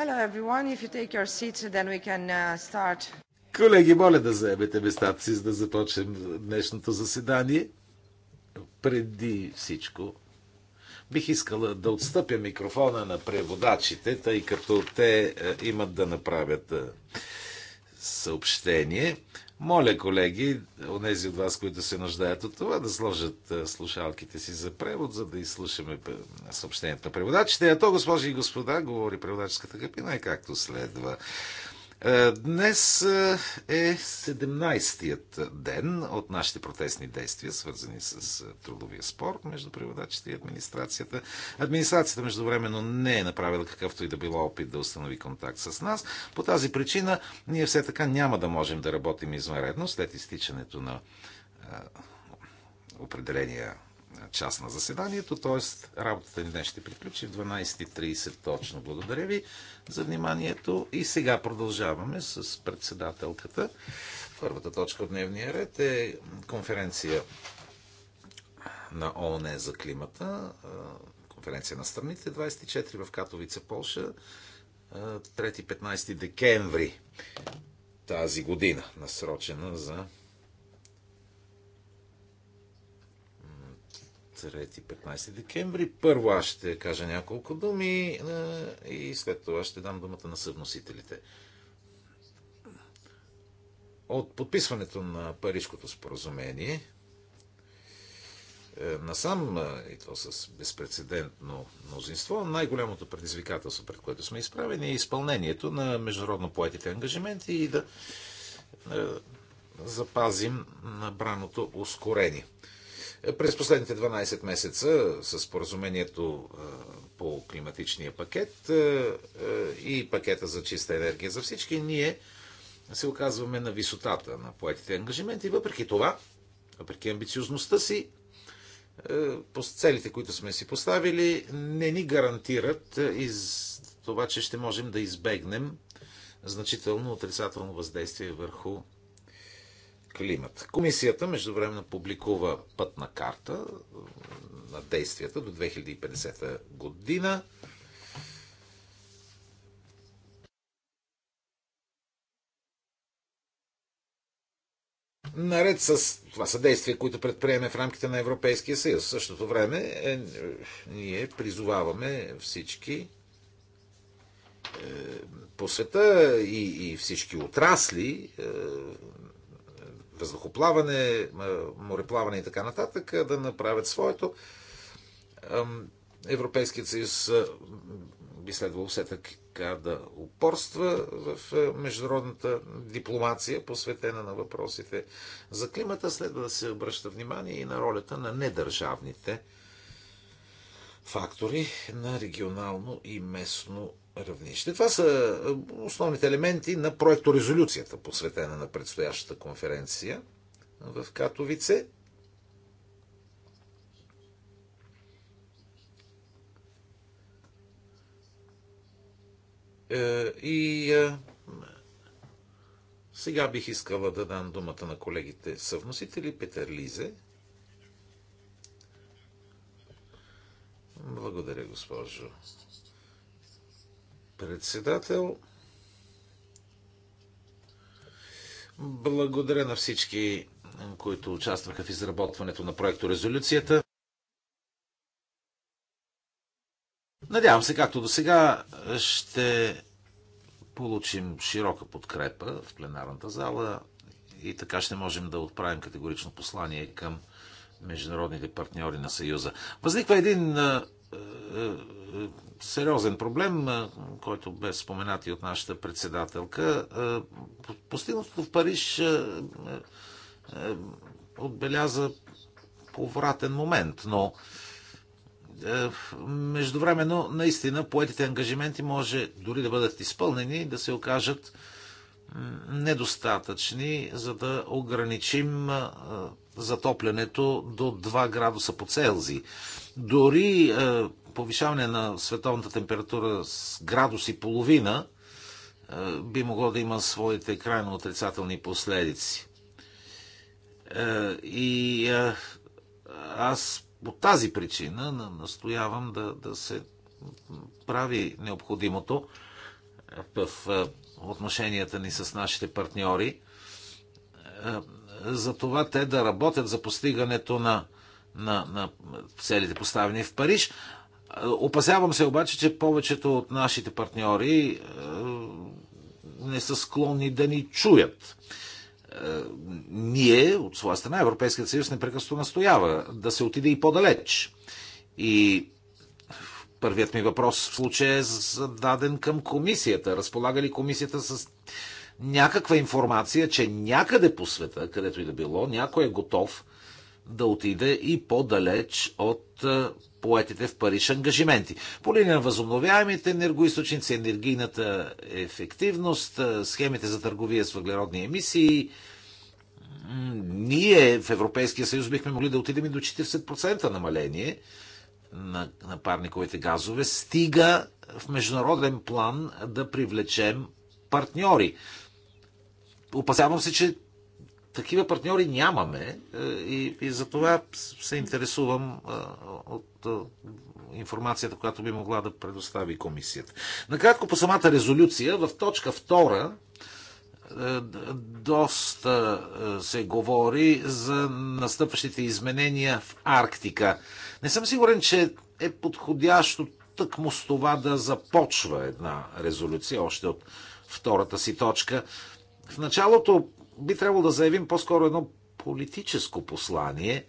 Hello everyone, if you take your seats, then we can uh, start. Колеги, моля да заемете местата си, за да започнем днешното заседание. Преди всичко, бих искала да отстъпя микрофона на преводачите, тъй като те е, имат да направят е, съобщение. Моля, колеги, онези от вас, които се нуждаят от това, да сложат слушалките си за превод, за да изслушаме съобщението на преводачите. А то, госпожи и господа, говори преводаческата капина, и е както следва. Е, днес е 17-тият е ден от нашите протестни действия, свързани с е, трудовия спор между преводачите и администрацията. Администрацията междувременно не е направила какъвто и да било опит да установи контакт с нас. По тази причина ние все така няма да можем да работим извънредно след изтичането на определения част на заседанието, т.е. работата ни днес ще приключи в 12.30 точно. Благодаря ви за вниманието и сега продължаваме с председателката. Първата точка от дневния ред е конференция на ООН за климата, конференция на страните 24 в Катовица, Полша, 3-15 декември тази година, насрочена за 3-15 декември. Първо аз ще кажа няколко думи и след това ще дам думата на съвносителите. От подписването на Парижкото споразумение е, насам, и то с безпредседентно мнозинство, най-голямото предизвикателство, пред което сме изправени, е изпълнението на международно поетите ангажименти и да е, запазим набраното ускорение. През последните 12 месеца с споразумението по климатичния пакет и пакета за чиста енергия за всички, ние се оказваме на висотата на поетите ангажименти. Въпреки това, въпреки амбициозността си, целите, които сме си поставили, не ни гарантират из това, че ще можем да избегнем значително отрицателно въздействие върху климат. Комисията междувременно публикува пътна карта е, на действията до 2050 година. наред с това съдействие, които предприеме в рамките на Европейския съюз. В същото време е, е ние призоваваме всички е, по света и, и всички отрасли е, въздухоплаване, мореплаване и така нататък, да направят своето. Европейският съюз би следвало все така да упорства в международната дипломация, посветена на въпросите за климата. Следва да се обръща внимание и на ролята на недържавните фактори на регионално и местно равнище. Това са е, основните елементи на проекто резолюцията, посветена на предстоящата конференция в Катовице. Е, и е, сега бих искала да дам думата на колегите съвносители Петър Лизе. Благодаря, госпожо председател. Благодаря на всички, които участваха в изработването на проекто резолюцията. Надявам се, както до сега, ще получим широка подкрепа в пленарната зала и така ще можем да отправим категорично послание към международните партньори на Съюза. Възниква един сериозен проблем, който бе споменат и от нашата председателка. Постигнатото в Париж отбеляза повратен момент, но междувременно наистина поетите ангажименти може дори да бъдат изпълнени и да се окажат недостатъчни, за да ограничим затоплянето до 2 градуса по Целзий дори е, повишаване на световната температура с градус и половина е, би могло да има своите крайно отрицателни последици. Е, и аз по тази причина настоявам да, да се прави необходимото в отношенията ни с нашите партньори, за това те да работят за постигането на на, на целите поставени в Париж. Опасявам се обаче, че повечето от нашите партньори е, не са склонни да ни чуят. Е, ние, от своя страна, Европейският съюз непрекъсто настоява да се отиде и по-далеч. И първият ми въпрос в случая е зададен към комисията. Разполага ли комисията с някаква информация, че някъде по света, където и да било, някой е готов да отиде и по-далеч от е, поетите в Париж ангажименти. По линия на възобновяемите енергоисточници, енергийната ефективност, е, схемите за търговия с въглеродни емисии, ние в Европейския съюз бихме могли да отидем и до 40% намаление на, на парниковите газове, стига в международен план да привлечем партньори. Опасявам се, че такива партньори нямаме е, и, и за това се интересувам е, от е, информацията, която би могла да предостави комисията. Накратко по самата резолюция, в точка 2 доста се говори за настъпващите изменения в Арктика. Не съм сигурен, че е подходящо тъкмо с това да започва една резолюция, още от втората си точка. В началото би трябвало да заявим по-скоро едно политическо послание,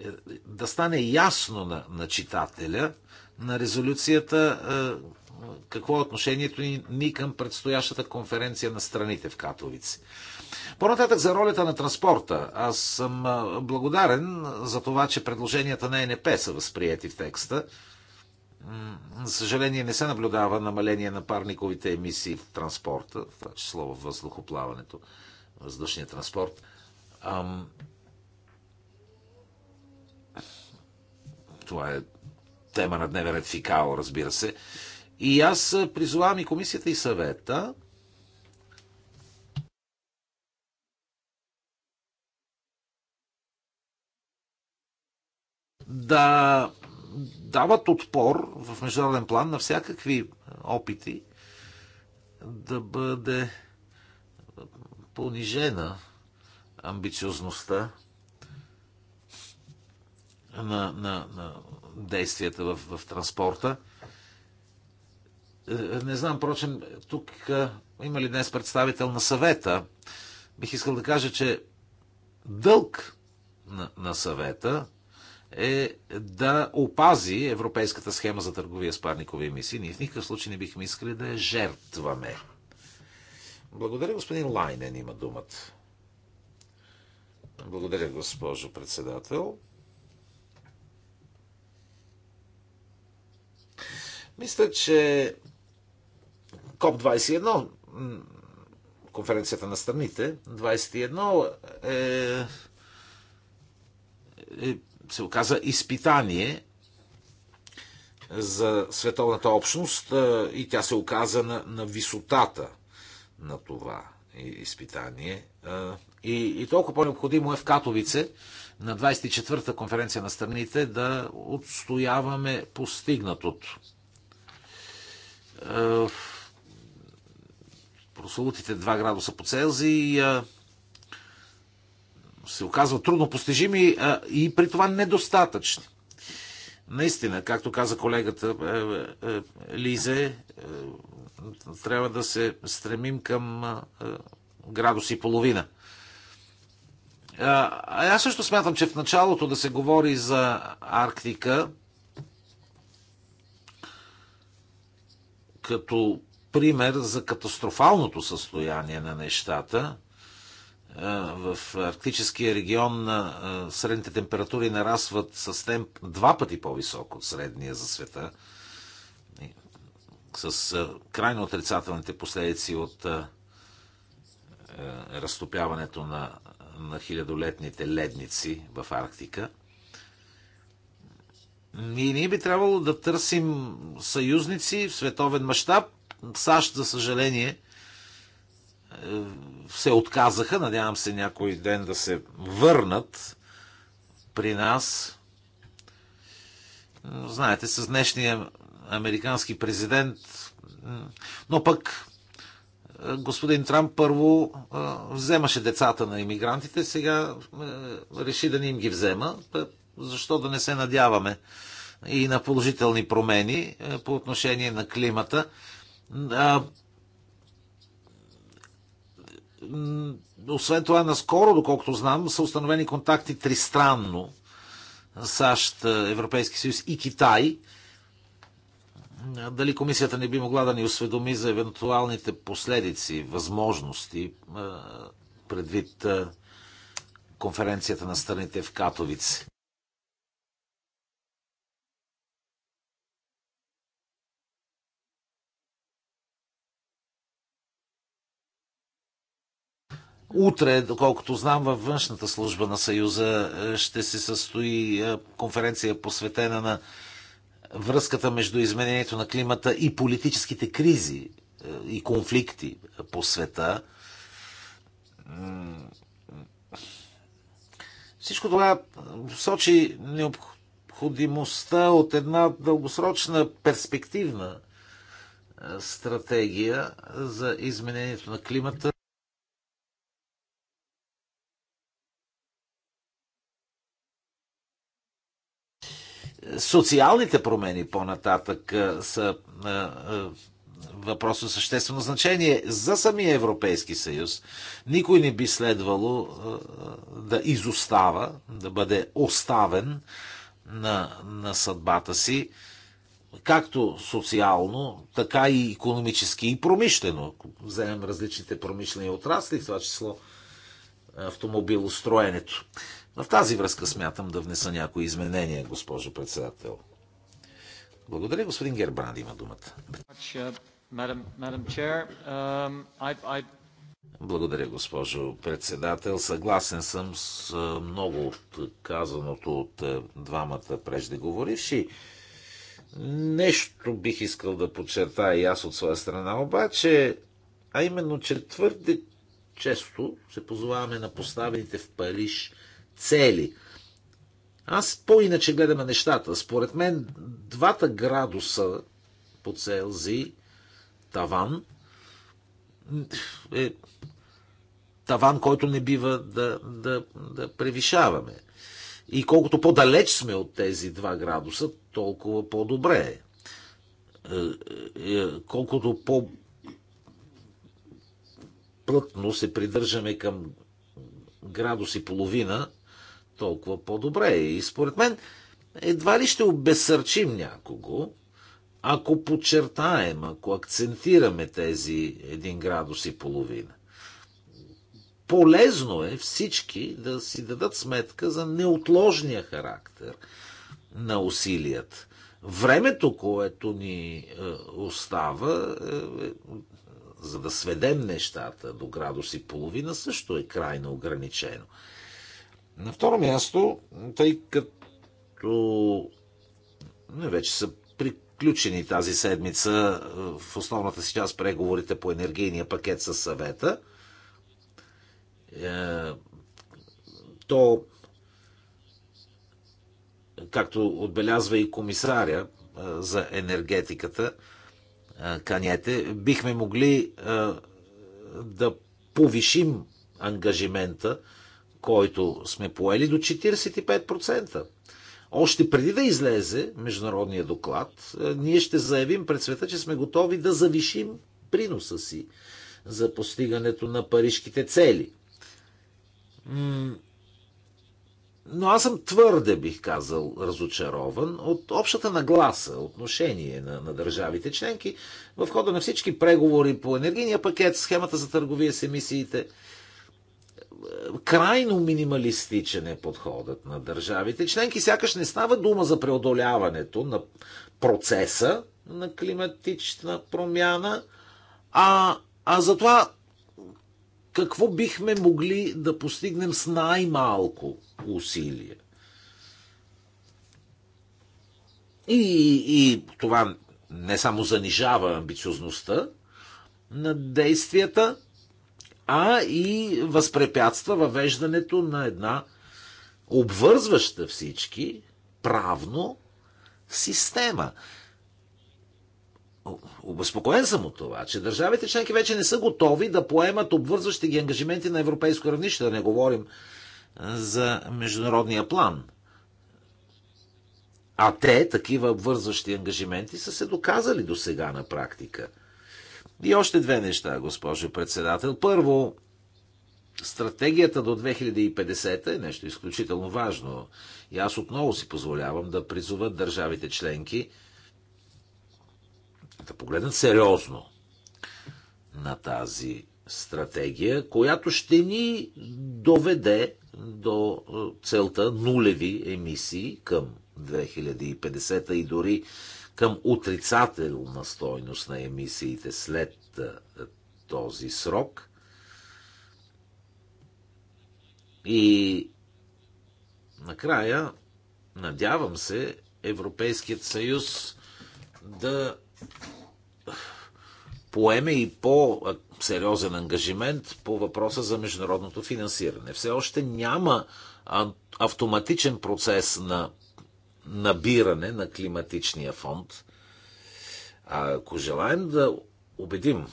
е, да стане ясно на, на читателя на резолюцията е, какво е отношението ни, ни към предстоящата конференция на страните в Катовици. По-нататък за ролята на транспорта. Аз съм е, благодарен за това, че предложенията на НП са възприяти в текста. За съжаление не се наблюдава намаление на парниковите емисии в транспорта, в това число в въздухоплаването въздушния транспорт. Ам... Това е тема на дневен ред ФИКАО, разбира се. И аз призовавам и комисията и съвета да дават отпор в международен план на всякакви опити да бъде понижена амбициозността на, на, на действията в, в транспорта. Е, е, не знам, прочим, тук е, има ли днес представител на съвета? Бих искал да кажа, че дълг на, на съвета е да опази европейската схема за търговия с парникови емисии. Ние в никакъв случай не бихме искали да я жертваме. Благодаря, господин Лайнен има думата. Благодаря, госпожо председател. Мисля, че КОП-21, конференцията на страните, 21 е, е, се оказа изпитание за световната общност е, и тя се оказа на, на висотата – на това изпитание. И, и толкова по-необходимо е в Катовице на 24-та конференция на страните да отстояваме постигнатото. Прослутите 2 градуса по Целзий се оказва трудно постижими и при това недостатъчни. Наистина, както каза колегата е, е, е, Лизе, трябва да се стремим към градус и половина. А аз също смятам, че в началото да се говори за Арктика като пример за катастрофалното състояние на нещата, в арктическия регион средните температури нарастват с темп два пъти по-високо от средния за света – с крайно отрицателните последици от е, разтопяването на, на хилядолетните ледници в Арктика. И ние би трябвало да търсим съюзници в световен мащаб. САЩ, за съжаление, е, се отказаха. Надявам се някой ден да се върнат при нас. Знаете, с днешния американски президент. Но пък е, господин Трамп първо е, вземаше децата на иммигрантите, сега е, реши да не им ги взема. Защо да не се надяваме и на положителни промени по отношение на климата? Освен това, наскоро, доколкото знам, са установени контакти тристранно САЩ, Европейски съюз и Китай – дали комисията не би могла да ни осведоми за евентуалните последици, възможности предвид конференцията на страните в Катовице. Утре, доколкото знам, във външната служба на Съюза ще се състои конференция посветена на връзката между изменението на климата и политическите кризи е, и конфликти по света. Всичко това сочи необходимостта от една дългосрочна перспективна е, стратегия за изменението на климата социалните промени по-нататък са въпрос от съществено значение за самия Европейски съюз. Никой не би следвало да изостава, да бъде оставен на, на съдбата си, както социално, така и економически и промишлено. Ако вземем различните промишлени отрасли, в това число автомобилостроенето. В тази връзка смятам да внеса някои изменения, госпожо председател. Благодаря, господин Гербранд има думата. Благодаря, госпожо председател. Съгласен съм с много от казаното от двамата преждеговоривши. Нещо бих искал да подчертая и аз от своя страна, обаче, а именно, че твърде често се позоваваме на поставените в Париж цели. Аз по-иначе гледаме нещата. Според мен, двата градуса по целзи таван е таван, който не бива да, да, да превишаваме. И колкото по-далеч сме от тези два градуса, толкова по-добре е. е, е, е колкото по- плътно се придържаме към градус и половина, толкова по-добре. И според мен, едва ли ще обесърчим някого, ако подчертаем, ако акцентираме тези 1 градус и половина. Полезно е всички да си дадат сметка за неотложния характер на усилията. Времето, което ни е, остава, е, е, за да сведем нещата до градус и половина, също е крайно ограничено. На второ място, тъй като не вече са приключени тази седмица е, в основната си част преговорите по енергийния пакет със съвета, е, то, както отбелязва и комисаря е, за енергетиката, Канете, бихме могли да повишим ангажимента който сме поели до 45%. Още преди да излезе международния доклад, е, ние ще заявим пред света, че сме готови да завишим приноса си за постигането на парижките цели. Но аз съм твърде, бих казал, разочарован от общата нагласа, отношение на, на държавите членки в хода на всички преговори по енергийния пакет, схемата за търговия с емисиите – крайно минималистичен е подходът на държавите. Членки сякаш не става дума за преодоляването на процеса на климатична промяна, а, а за това какво бихме могли да постигнем с най-малко усилие. И, и това не само занижава амбициозността на действията, а и възпрепятства въвеждането на една обвързваща всички правно система. Обезпокоен съм от това, че държавите членки вече не са готови да поемат обвързващи ги ангажименти на европейско равнище, да не говорим за международния план. А те, такива обвързващи ангажименти, са се доказали до сега на практика – и още две неща, госпожо председател. Първо, стратегията до 2050 е нещо изключително важно. И аз отново си позволявам да призова държавите членки да погледнат сериозно на тази стратегия, която ще ни доведе до е, целта нулеви емисии към 2050 и дори към отрицателна стойност на емисиите след този срок. И накрая, надявам се, Европейският съюз да поеме и по-сериозен ангажимент по въпроса за международното финансиране. Все още няма автоматичен процес на набиране на климатичния фонд. А ако желаем да убедим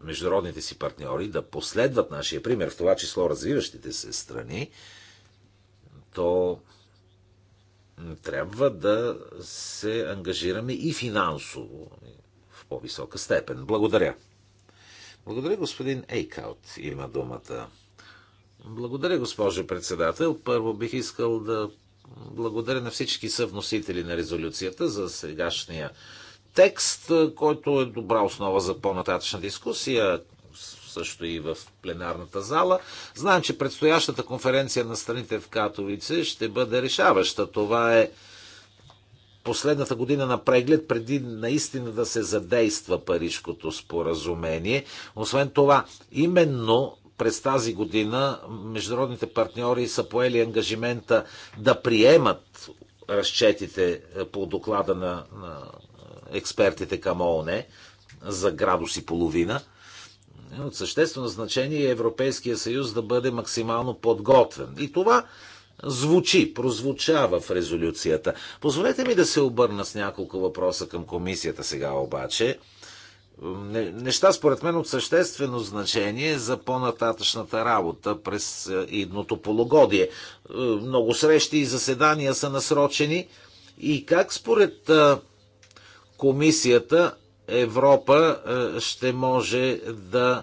международните си партньори да последват нашия пример, в това число развиващите се страни, то трябва да се ангажираме и финансово в по-висока степен. Благодаря. Благодаря, господин Ейкаут. Има думата. Благодаря, госпожо председател. Първо бих искал да благодаря на всички съвносители на резолюцията за сегашния текст, който е добра основа за по-нататъчна дискусия, също и в пленарната зала. Знаем, че предстоящата конференция на страните в Катовице ще бъде решаваща. Това е последната година на преглед, преди наистина да се задейства Парижкото споразумение. Освен това, именно през тази година международните партньори са поели ангажимента да приемат разчетите е, по доклада на, на експертите към ООН за градус и половина. Е, от съществено значение е Европейския съюз да бъде максимално подготвен. И това звучи, прозвучава в резолюцията. Позволете ми да се обърна с няколко въпроса към комисията сега обаче неща, според мен, от съществено значение за по-нататъчната работа през е, идното полугодие. Е, много срещи и заседания са насрочени. И как според е, комисията Европа ще може да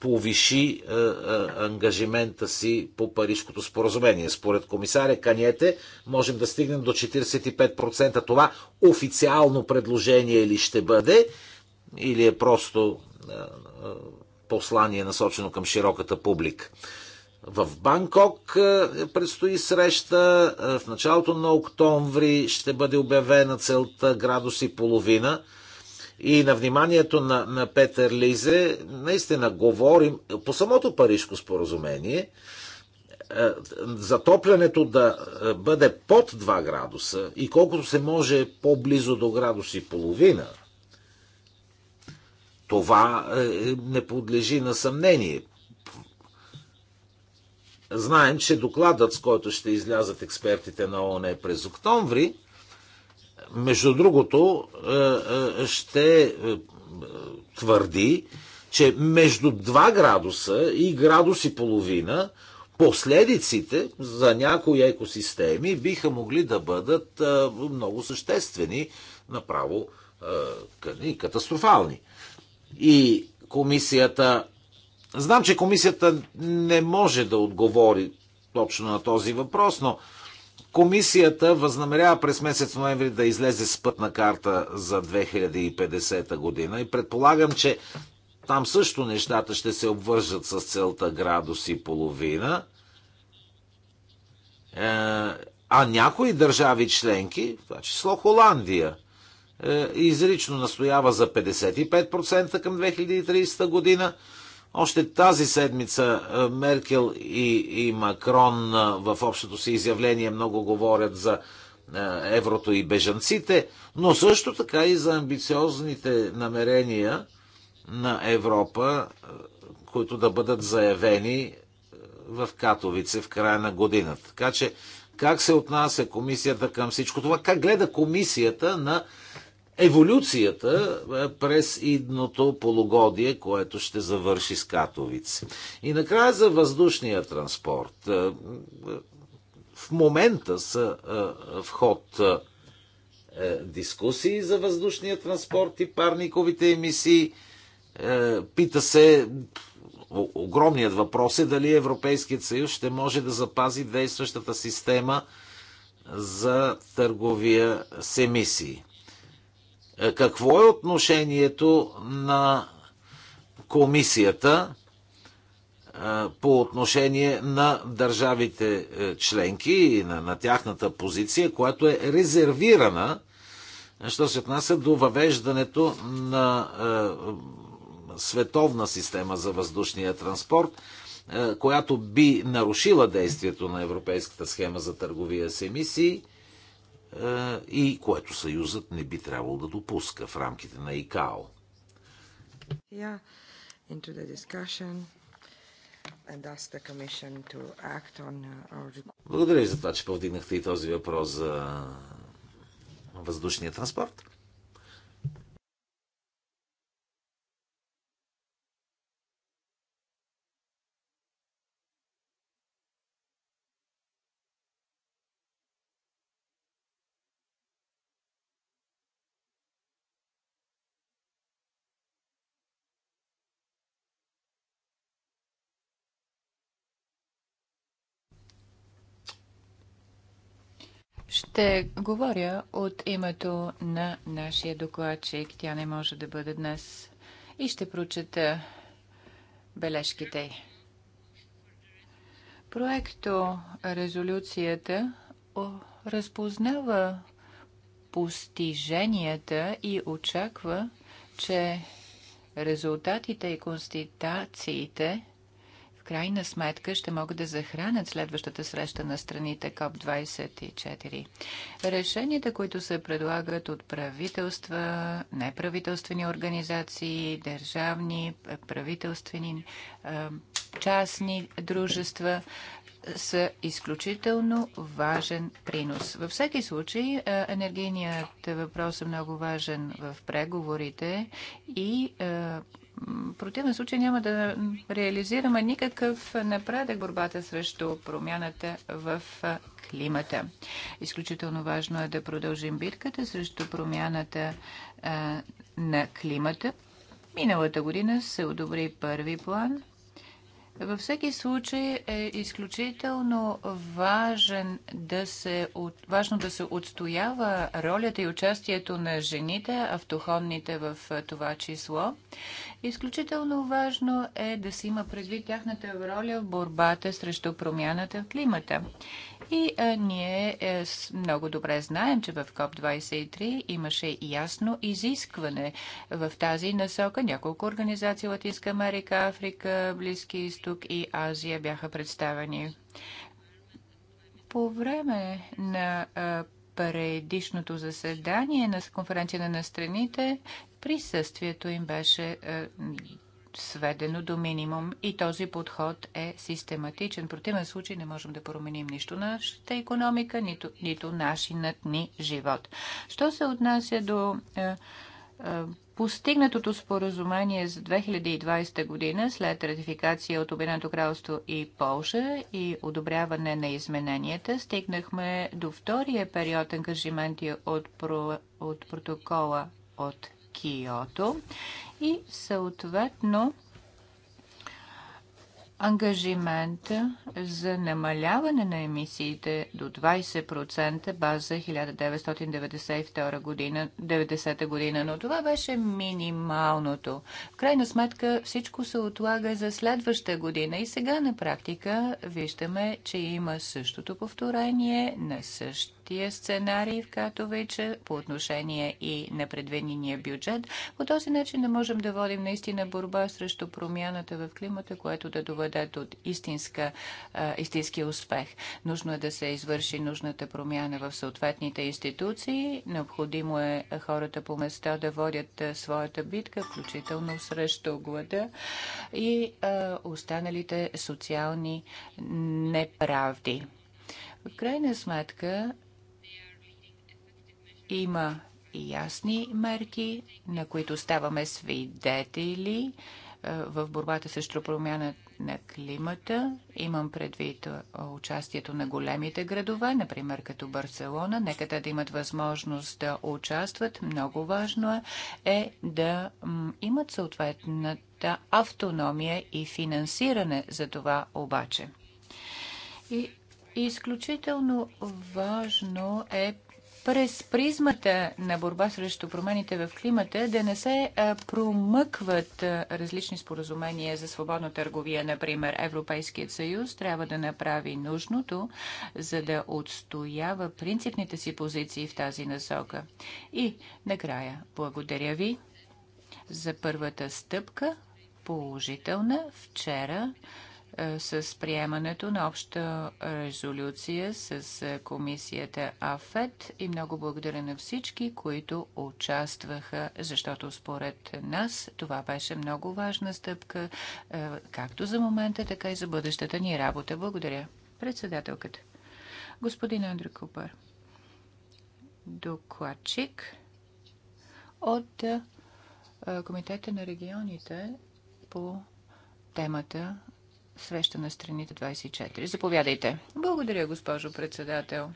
повиши ангажимента си по Парижското споразумение. Според комисаря Каниете можем да стигнем до 45%. Това официално предложение ли ще бъде или е просто е, е, послание насочено към широката публика. В Банкок е, предстои среща. В началото на октомври ще бъде обявена целта градус и половина. И на вниманието на, на Петър Лизе, наистина говорим по самото Парижко споразумение, затоплянето да бъде под 2 градуса и колкото се може по-близо до градус и половина – това е, не подлежи на съмнение. Знаем, че докладът, с който ще излязат експертите на ООН през октомври, между другото, е, е, ще твърди, че между 2 градуса и градус и половина последиците за някои екосистеми биха могли да бъдат много съществени, направо катастрофални и комисията. Знам, че комисията не може да отговори точно на този въпрос, но комисията възнамерява през месец ноември да излезе с пътна карта за 2050 година и предполагам, че там също нещата ще се обвържат с целта градус и половина. Е, а някои държави членки, в това число Холандия, е, изрично настоява за 55% към 2030 година. Още тази седмица е, Меркел и, и Макрон е, в общото си изявление много говорят за еврото и бежанците, но също така и за амбициозните намерения на Европа, които да бъдат заявени в Катовице в края на годината. Така че как се отнася комисията към всичко това? Как гледа комисията на еволюцията е, през идното полугодие, което ще завърши с Катовиц. И накрая за въздушния транспорт. Е, е, в момента са в ход дискусии за въздушния транспорт и парниковите емисии. Пита се, огромният въпрос е дали Европейският съюз ще може да запази действащата система за търговия с емисии. Е, какво е отношението на комисията е, по отношение на държавите е, членки и на, на тяхната позиция, която е резервирана, що се отнася до въвеждането на е, световна система за въздушния транспорт, е, която би нарушила действието на Европейската схема за търговия с емисии – е, и което Съюзът не би трябвало да допуска в рамките на ИКАО. Uh, Благодаря ви за това, че повдигнахте и този въпрос за въздушния транспорт. Ще говоря от името на нашия докладчик. Тя не може да бъде днес. И ще прочета бележките Проекто резолюцията разпознава постиженията и очаква, че резултатите и констатациите – крайна сметка ще могат да захранят следващата среща на страните КОП-24. Решенията, които се предлагат от правителства, неправителствени организации, държавни, правителствени, е, частни дружества, са изключително важен принос. Във всеки случай, е, енергийният въпрос е много важен в преговорите и е, противен случай няма да реализираме никакъв напредък борбата срещу промяната в климата. Изключително важно е да продължим битката срещу промяната а, на климата. Миналата година се одобри първи план. Във всеки случай е изключително важен да се, важно да се отстоява ролята и участието на жените, автохонните в това число. Изключително важно е да се има предвид тяхната роля в борбата срещу промяната в климата. И а, е, ние е, много добре знаем, че в КОП-23 имаше ясно изискване в тази насока. Няколко организации Латинска Америка, Африка, Близки изток и Азия бяха представени. По време на а, е, предишното заседание на конференция на страните присъствието им беше е, сведено до минимум и този подход е систематичен. В противен случай не можем да променим нищо нашата економика, нито, нито нашинът ни живот. Що се отнася до е, е, постигнатото споразумение за 2020 година след ратификация от Обединеното кралство и Полша и одобряване на измененията, стигнахме до втория период ангажименти от, про, от протокола от Киото и съответно ангажимента за намаляване на емисиите до 20% база 1992 година, 90 година, но това беше минималното. В крайна сметка всичко се отлага за следваща година и сега на практика виждаме, че има същото повторение на същото тия сценарий в Катовича по отношение и на предвидения бюджет. По този начин да можем да водим наистина борба срещу промяната в климата, което да доведе до истинска, истински успех. Нужно е да се извърши нужната промяна в съответните институции. Необходимо е хората по места да водят своята битка, включително срещу глада и а, останалите социални неправди. В крайна сметка, има ясни мерки, на които ставаме свидетели е, в борбата срещу промяна на климата. Имам предвид е, участието на големите градове, например като Барселона. Нека те да имат възможност да участват. Много важно е, е да имат съответната автономия и финансиране за това обаче. И Изключително важно е през призмата на борба срещу промените в климата да не се промъкват различни споразумения за свободна търговия. Например, Европейският съюз трябва да направи нужното, за да отстоява принципните си позиции в тази насока. И накрая, благодаря ви за първата стъпка, положителна. Вчера е, с приемането на обща резолюция с е, комисията АФЕД и много благодаря на всички, които участваха, защото според нас това беше много важна стъпка, е, както за момента, така и за бъдещата ни работа. Благодаря. Председателката. Господин Андрю Купър, докладчик от Комитета на регионите по темата среща на страните 24. Заповядайте. Благодаря, госпожо председател.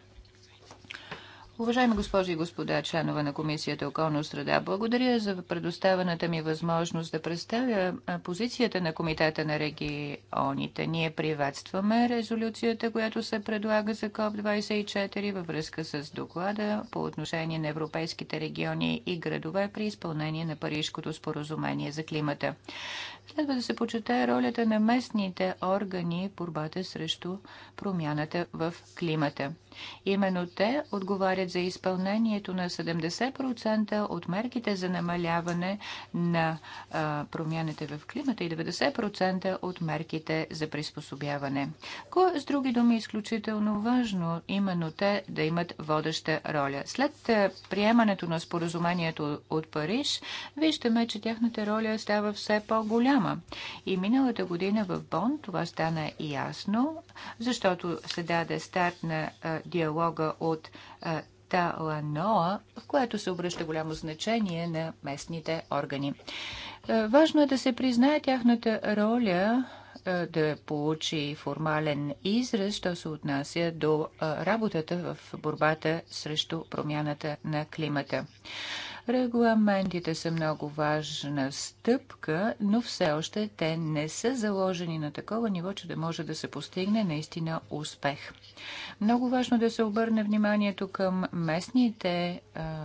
Уважаеми госпожи и господа, членове на Комисията околна среда, благодаря за предоставената ми възможност да представя позицията на Комитета на регионите. Ние приветстваме резолюцията, която се предлага за КОП-24 във връзка с доклада по отношение на европейските региони и градове при изпълнение на Парижското споразумение за климата. Следва да се почете ролята на местните органи в борбата срещу промяната в климата. Именно те отговарят за изпълнението на 70% от мерките за намаляване на а, промяната в климата и 90% от мерките за приспособяване. Кое, с други думи, е изключително важно именно те да имат водеща роля. След приемането на споразумението от Париж, виждаме, че тяхната роля става все по-голяма няма. И миналата година в Бон това стана ясно, защото се даде старт на а, диалога от а, Таланоа, в което се обръща голямо значение на местните органи. важно е да се признае тяхната роля да получи формален израз, що се отнася до работата в борбата срещу промяната на климата. Регламентите са много важна стъпка, но все още те не са заложени на такова ниво, че да може да се постигне наистина успех. Много важно да се обърне вниманието към местните а,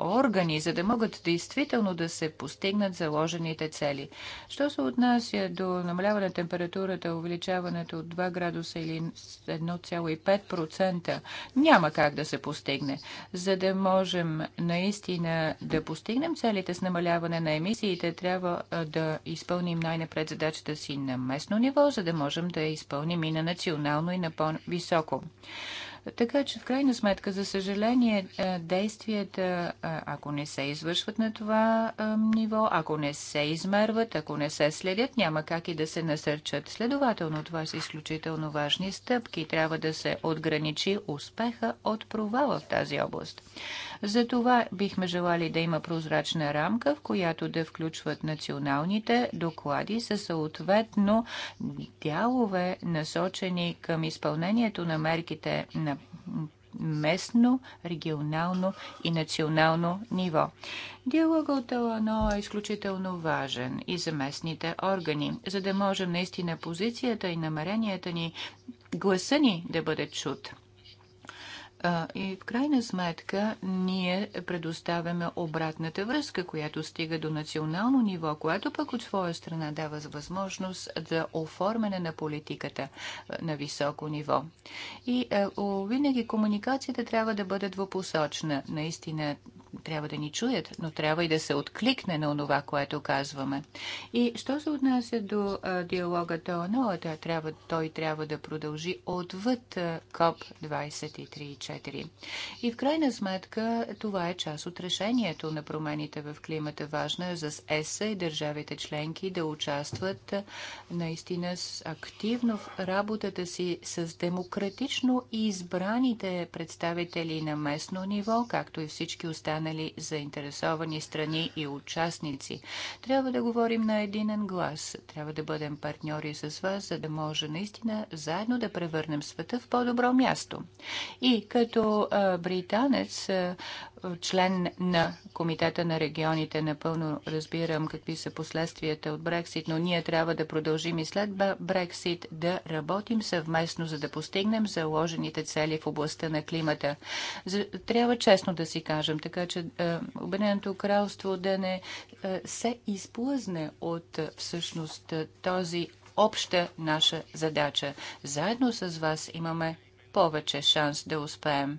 органи, за да могат действително да се постигнат заложените цели. Що се отнася до намаляване на температурата, увеличаването от 2 градуса или 1,5%, няма как да се постигне. За да можем наистина да постигнем целите с намаляване на емисиите, трябва да изпълним най-напред задачата си на местно ниво, за да можем да я изпълним и на национално и на по-високо. Така че, в крайна сметка, за съжаление, е, действията, е, ако не се извършват на това е, ниво, ако не се измерват, ако не се следят, няма как и да се насърчат. Следователно, това са изключително важни стъпки. Трябва да се отграничи успеха от провала в тази област. За това бихме желали да има прозрачна рамка, в която да включват националните доклади със съответно дялове, насочени към изпълнението на мерките на местно, регионално и национално ниво. Диалогът от ЛАНО е изключително важен и за местните органи, за да можем наистина позицията и намеренията ни, гласа ни да бъде чут. И в крайна сметка ние предоставяме обратната връзка, която стига до национално ниво, което пък от своя страна дава възможност за оформяне на политиката на високо ниво. И винаги комуникацията трябва да бъде двупосочна. Наистина трябва да ни чуят, но трябва и да се откликне на това, което казваме. И що се отнася до диалога ТОНО, той трябва да продължи отвъд КОП 23 4. И в крайна сметка това е част от решението на промените в климата. Важно е за ЕСА и държавите членки да участват наистина с активно в работата си с демократично избраните представители на местно ниво, както и всички останали заинтересовани страни и участници. Трябва да говорим на единен глас. Трябва да бъдем партньори с вас, за да може наистина заедно да превърнем света в по-добро място. И като британец, член на Комитета на регионите, напълно разбирам какви са последствията от Брексит, но ние трябва да продължим и след Брексит да работим съвместно, за да постигнем заложените цели в областта на климата. Трябва честно да си кажем, така че Обединеното кралство да не се изплъзне от всъщност този обща наша задача. Заедно с вас имаме повече шанс да успеем.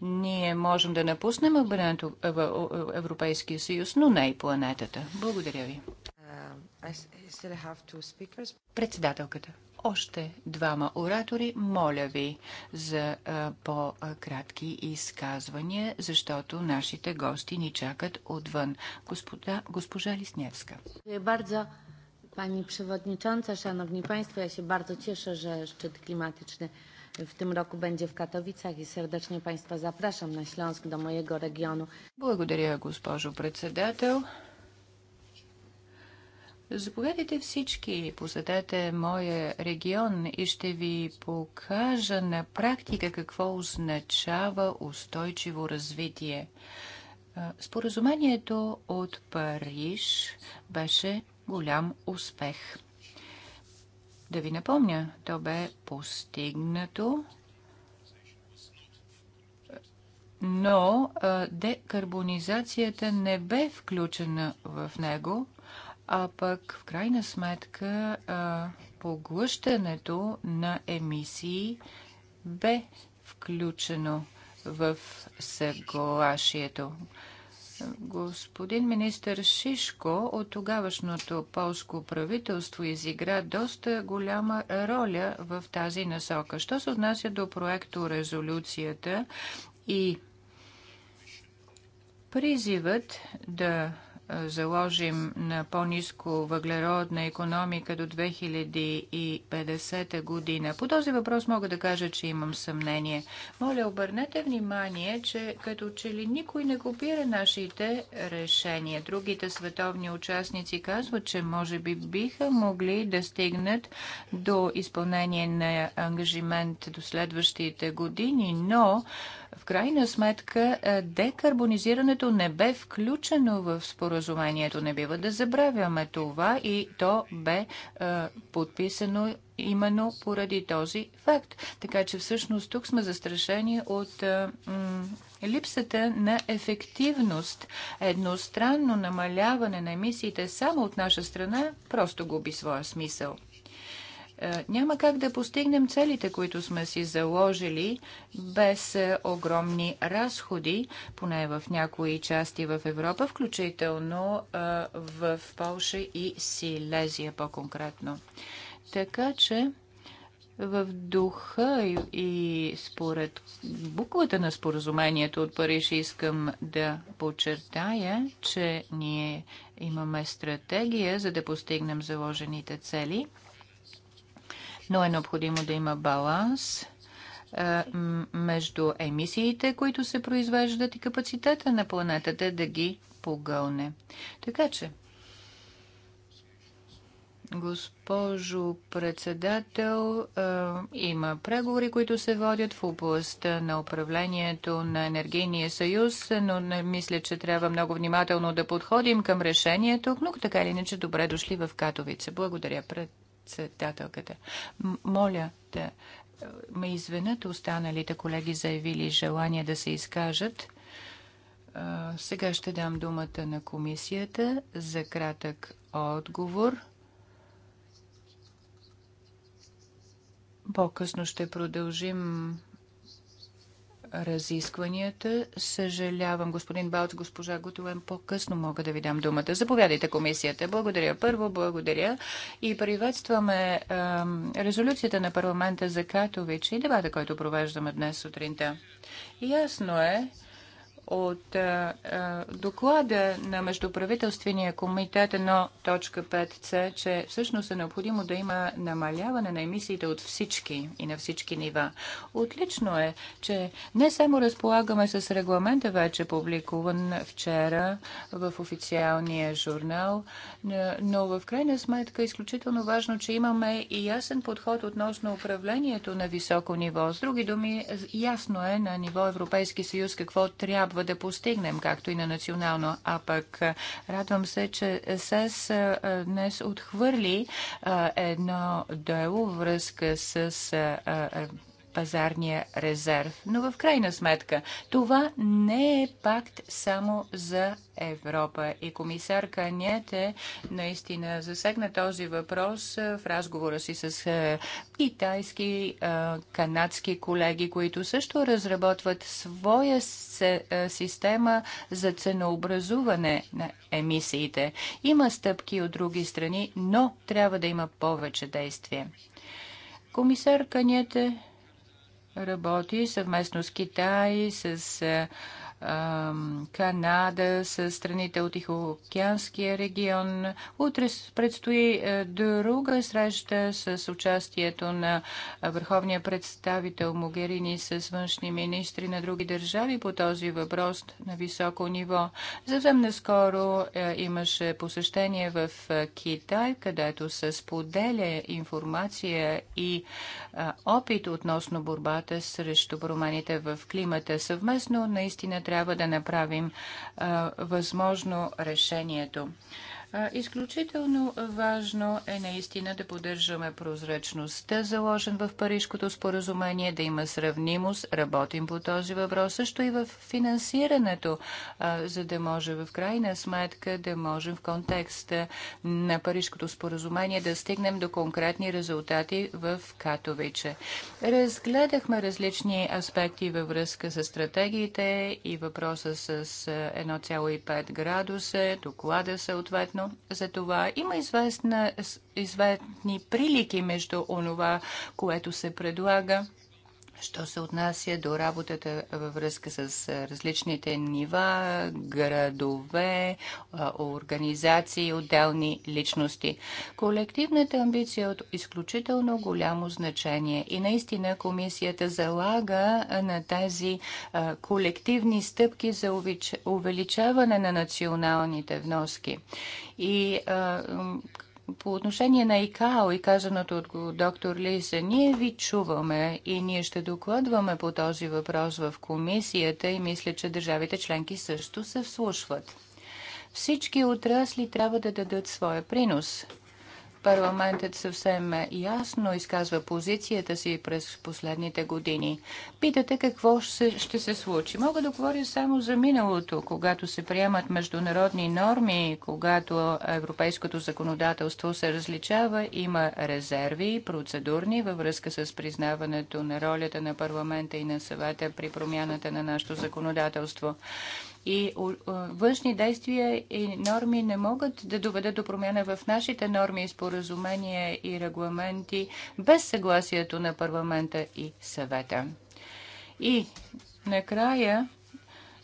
Ние можем да напуснем е, е, Европейския съюз, но не и планетата. Благодаря ви. Uh, Председателката. Още двама оратори, моля ви за е, по-кратки изказвания, защото нашите гости ни чакат отвън. Господа, госпожа Лисневска. Пани Pani шановни Szanowni я се бардо bardzo че щит szczyt w tym roku będzie w Katowicach i serdecznie Państwa zapraszam na Śląsk, do mojego regionu. Благодаря, госпожо председател. Заповядайте всички, посетете моя регион и ще ви покажа на практика какво означава устойчиво развитие. Споразумението от Париж беше голям успех. Да ви напомня, то бе постигнато, но декарбонизацията не бе включена в него, а пък в крайна сметка поглъщането на емисии бе включено в съглашието. Господин министър Шишко от тогавашното полско правителство изигра доста голяма роля в тази насока. Що се отнася до проекто резолюцията и призивът да заложим на по-низко въглеродна економика до 2050 година? По този въпрос мога да кажа, че имам съмнение. Моля, обърнете внимание, че като че ли никой не копира нашите решения. Другите световни участници казват, че може би биха могли да стигнат до изпълнение на ангажимент до следващите години, но в крайна сметка, е, декарбонизирането не бе включено в споразумението. Не бива да забравяме това и то бе е, подписано именно поради този факт. Така че всъщност тук сме застрашени от е, липсата на ефективност. Едностранно намаляване на емисиите само от наша страна просто губи своя смисъл. Е, няма как да постигнем целите, които сме си заложили без е, огромни разходи, поне в някои части в Европа, включително е, в Полша и Силезия по-конкретно. Така че в духа и според буквата на споразумението от Париж искам да подчертая, че ние имаме стратегия за да постигнем заложените цели – но е необходимо да има баланс е, между емисиите, които се произвеждат и капацитета на планетата да ги погълне. Така че, госпожо председател, е, има преговори, които се водят в областта на управлението на Енергийния съюз, но не мисля, че трябва много внимателно да подходим към решението, но така или иначе добре дошли в Катовице. Благодаря пред председателката. Моля да е, ме извинят останалите колеги заявили желание да се изкажат. Е, сега ще дам думата на комисията за кратък отговор. По-късно ще продължим разискванията. Съжалявам, господин Балц, госпожа Гутовен, по-късно мога да ви дам думата. Заповядайте комисията. Благодаря. Първо благодаря и приветстваме резолюцията на парламента за Катович и дебата, който провеждаме днес сутринта. Ясно е, от а, а, доклада на Междуправителствения комитет 1.5c, че всъщност е необходимо да има намаляване на емисиите от всички и на всички нива. Отлично е, че не само разполагаме с регламента, вече публикуван вчера в официалния журнал, но в крайна сметка е изключително важно, че имаме и ясен подход относно управлението на високо ниво. С други думи, ясно е на ниво Европейски съюз какво трябва трябва да постигнем, както и на национално. А пък е, радвам се, че СЕС е, е, днес отхвърли едно дело връзка с пазарния резерв. Но в крайна сметка, това не е пакт само за Европа. И комисар Каняте наистина засегна този въпрос в разговора си с китайски, канадски колеги, които също разработват своя система за ценообразуване на емисиите. Има стъпки от други страни, но трябва да има повече действие. Комисар Каняте работи съвместно с Китай, с Канада, с страните от Тихоокеанския регион. Утре предстои е, друга среща с участието на върховния представител Могерини с външни министри на други държави по този въпрос на високо ниво. Завзем наскоро е, имаше посещение в е, Китай, където се споделя информация и опит относно борбата срещу промените в климата. Съвместно наистина трябва трябва да направим възможно решението. Изключително важно е наистина да поддържаме прозрачността, заложен в Парижкото споразумение, да има сравнимост. Работим по този въпрос също и в финансирането, за да може в крайна сметка да можем в контекста на Парижкото споразумение да стигнем до конкретни резултати в Катовиче. Разгледахме различни аспекти във връзка с стратегиите и въпроса с 1,5 градуса, доклада съответно Именно за това. Има известна, известни прилики между онова, което се предлага Що се отнася до работата във връзка с различните нива, градове, организации, отделни личности. Колективната амбиция е от изключително голямо значение и наистина комисията залага на тези колективни стъпки за увеличаване на националните вноски. И по отношение на ИКАО и казаното от доктор Лиса, ние ви чуваме и ние ще докладваме по този въпрос в комисията и мисля, че държавите членки също се вслушват. Всички отрасли трябва да дадат своя принос Парламентът съвсем ясно изказва позицията си през последните години. Питате какво ще се случи. Мога да говоря само за миналото, когато се приемат международни норми, когато европейското законодателство се различава, има резерви процедурни във връзка с признаването на ролята на парламента и на съвета при промяната на нашето законодателство. И външни действия и норми не могат да доведат до промяна в нашите норми, споразумения и регламенти без съгласието на парламента и съвета. И накрая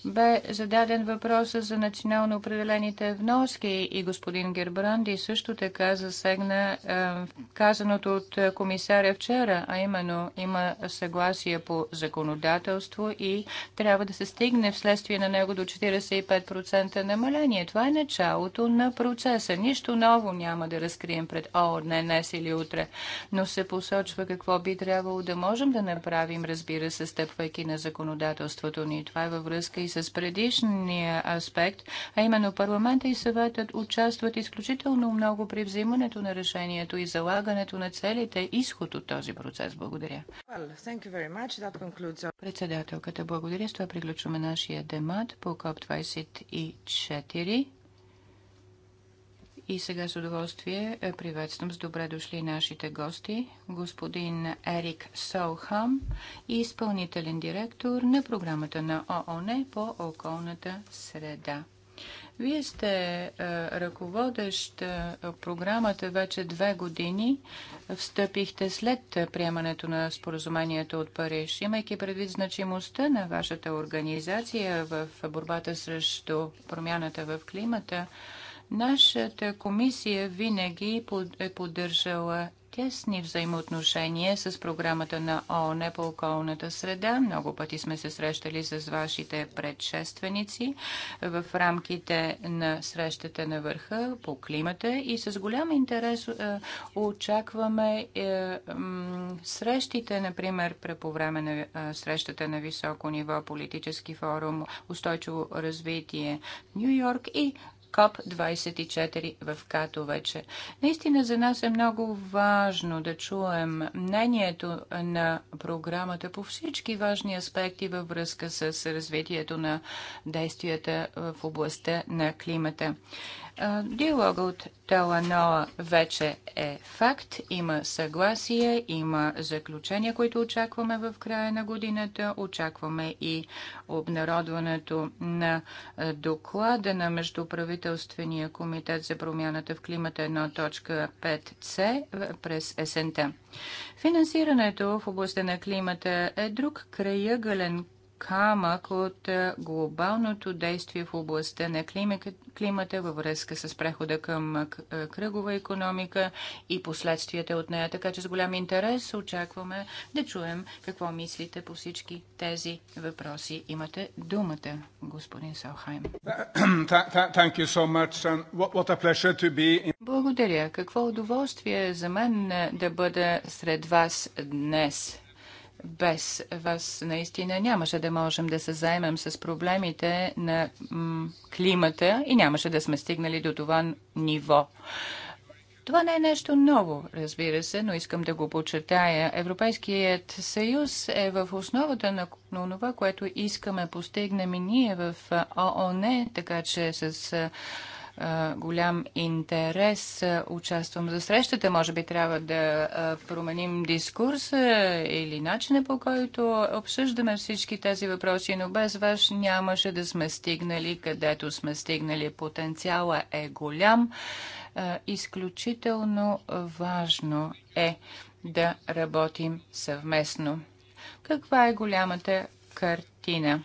бе зададен въпроса за национално определените вноски и господин Гербранди също така засегна е, казаното от комисаря вчера, а именно има съгласие по законодателство и трябва да се стигне вследствие на него до 45% намаление. Това е началото на процеса. Нищо ново няма да разкрием пред ООН днес или утре, но се посочва какво би трябвало да можем да направим, разбира се, стъпвайки на законодателството ни. Това е във връзка и с предишния аспект, а именно парламента и съветът участват изключително много при взимането на решението и залагането на целите изход от този процес. Благодаря. Председателката, благодаря. С това приключваме нашия демат по КОП 24. И сега с удоволствие е, приветствам с добре дошли нашите гости, господин Ерик Солхам, изпълнителен директор на програмата на ООН по околната среда. Вие сте е, ръководещ е, програмата вече две години. Встъпихте след приемането на споразумението от Париж. Имайки предвид значимостта на вашата организация в борбата срещу промяната в климата, Нашата комисия винаги е поддържала тесни взаимоотношения с програмата на ООН по околната среда. Много пъти сме се срещали с вашите предшественици в рамките на срещата на върха по климата и с голям интерес е, очакваме е, срещите, например, по време на е, срещата на високо ниво политически форум, устойчиво развитие Нью Йорк и КОП-24 в като вече. Наистина за нас е много важно да чуем мнението на програмата по всички важни аспекти във връзка с развитието на действията в областта на климата. Диалогът от Таланоа вече е факт. Има съгласие, има заключения, които очакваме в края на годината. Очакваме и обнародването на доклада на Междуправителствения комитет за промяната в климата 1.5c през есента. Финансирането в областта на климата е друг краягален камък от е, глобалното действие в областта на климата във връзка с прехода към е, е, кръгова економика и последствията от нея. Така че с голям интерес очакваме да чуем какво мислите по всички тези въпроси. Имате думата, господин Салхайм. Благодаря. Какво удоволствие за мен да бъда сред вас днес без вас наистина нямаше да можем да се заемем с проблемите на климата и нямаше да сме стигнали до това ниво. Това не е нещо ново, разбира се, но искам да го подчертая. Европейският съюз е в основата на това, което искаме постигнем и ние в ООН, така че с голям интерес участвам за срещата. Може би трябва да променим дискурса или начина по който обсъждаме всички тези въпроси, но без вас нямаше да сме стигнали където сме стигнали. Потенциала е голям. Изключително важно е да работим съвместно. Каква е голямата картина?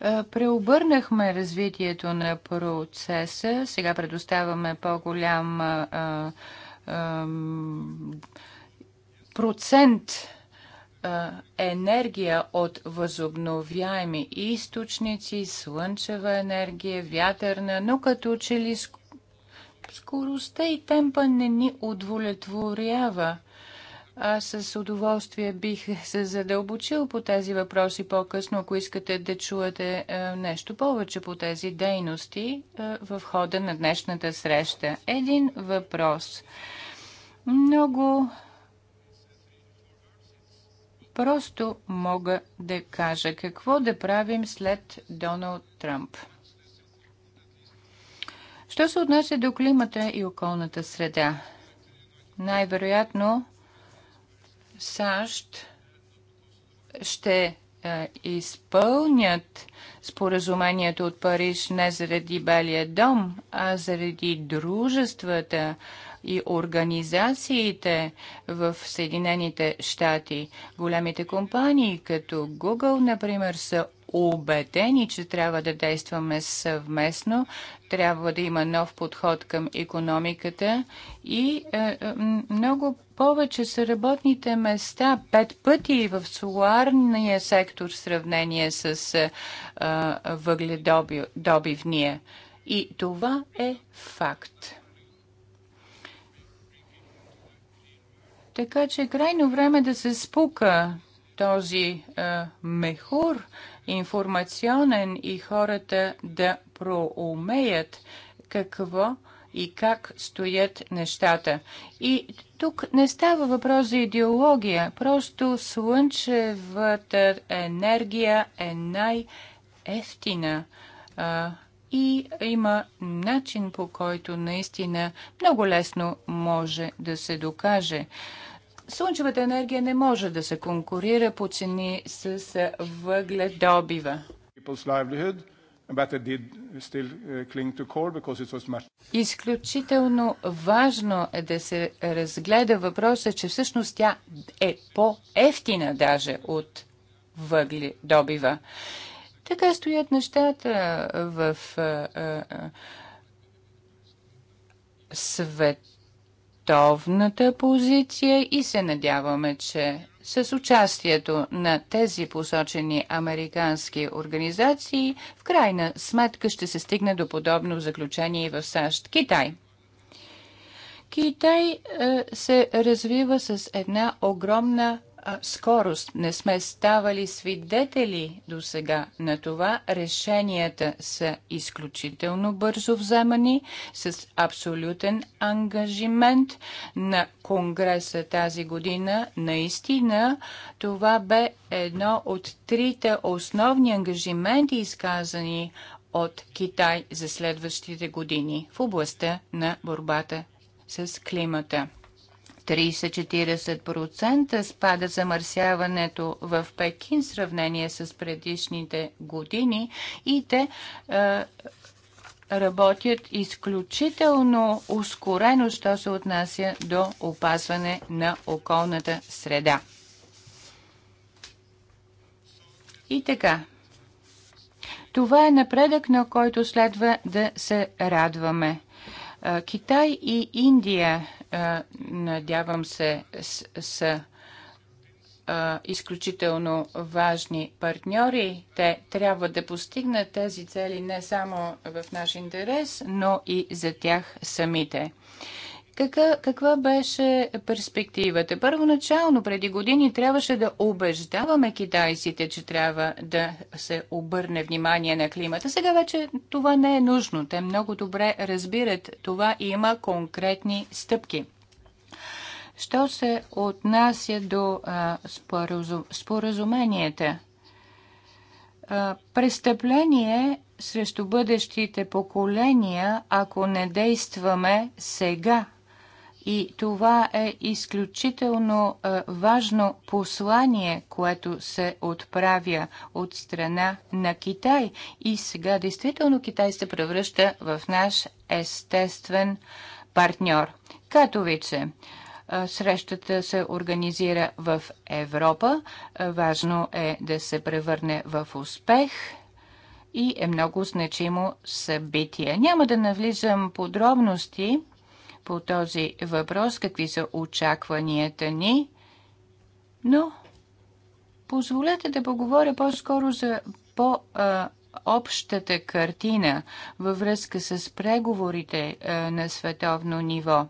Е, преобърнахме развитието на процеса. Сега предоставяме по-голям е, е, процент енергия от възобновяеми източници, слънчева енергия, вятърна, но като че ли скоростта и темпа не ни удовлетворява. Аз с удоволствие бих се задълбочил по тези въпроси по-късно, ако искате да чуете е, нещо повече по тези дейности е, в хода на днешната среща. Един въпрос. Много просто мога да кажа какво да правим след Доналд Тръмп. Що се отнася до климата и околната среда? Най-вероятно САЩ ще е, изпълнят споразумението от Париж не заради Белия дом, а заради дружествата и организациите в Съединените щати. Големите компании, като Google, например, са убедени, че трябва да действаме съвместно, трябва да има нов подход към економиката и е, е, много повече са работните места, пет пъти в соларния сектор в сравнение с е, е въгледобивния. И това е факт. Така че е крайно време да се спука този е, мехур, информационен и хората да проумеят какво и как стоят нещата. И тук не става въпрос за идеология, просто слънчевата енергия е най-ефтина и има начин по който наистина много лесно може да се докаже. Слънчевата енергия не може да се конкурира по цени с въгледобива. Uh, Изключително важно е да се разгледа въпроса, че всъщност тя е по-ефтина даже от въгледобива. Така стоят нещата в света световната позиция и се надяваме, че с участието на тези посочени американски организации, в крайна сметка ще се стигне до подобно заключение и в САЩ. Китай. Китай е, се развива с една огромна скорост. Не сме ставали свидетели до сега на това. Решенията са изключително бързо вземани, с абсолютен ангажимент на Конгреса тази година. Наистина, това бе едно от трите основни ангажименти, изказани от Китай за следващите години в областта на борбата с климата. 30-40% спада замърсяването в Пекин в сравнение с предишните години и те работят изключително ускорено, що се отнася до опазване на околната среда. И така, това е напредък, на който следва да се радваме. Китай и Индия надявам се, са изключително важни партньори. Те трябва да постигнат тези цели не само в наш интерес, но и за тях самите. Кака, каква беше перспективата? Първоначално, преди години, трябваше да убеждаваме китайците, че трябва да се обърне внимание на климата. Сега вече това не е нужно. Те много добре разбират това и има конкретни стъпки. Що се отнася до а, споразум, споразуменията? А, престъпление срещу бъдещите поколения, ако не действаме сега и това е изключително е, важно послание, което се отправя от страна на Китай. И сега действително Китай се превръща в наш естествен партньор. Катовице. Е, срещата се организира в Европа. Е, важно е да се превърне в успех и е много значимо събитие. Няма да навлизам подробности по този въпрос, какви са очакванията ни, но позволете да поговоря по-скоро за по- общата картина във връзка с преговорите на световно ниво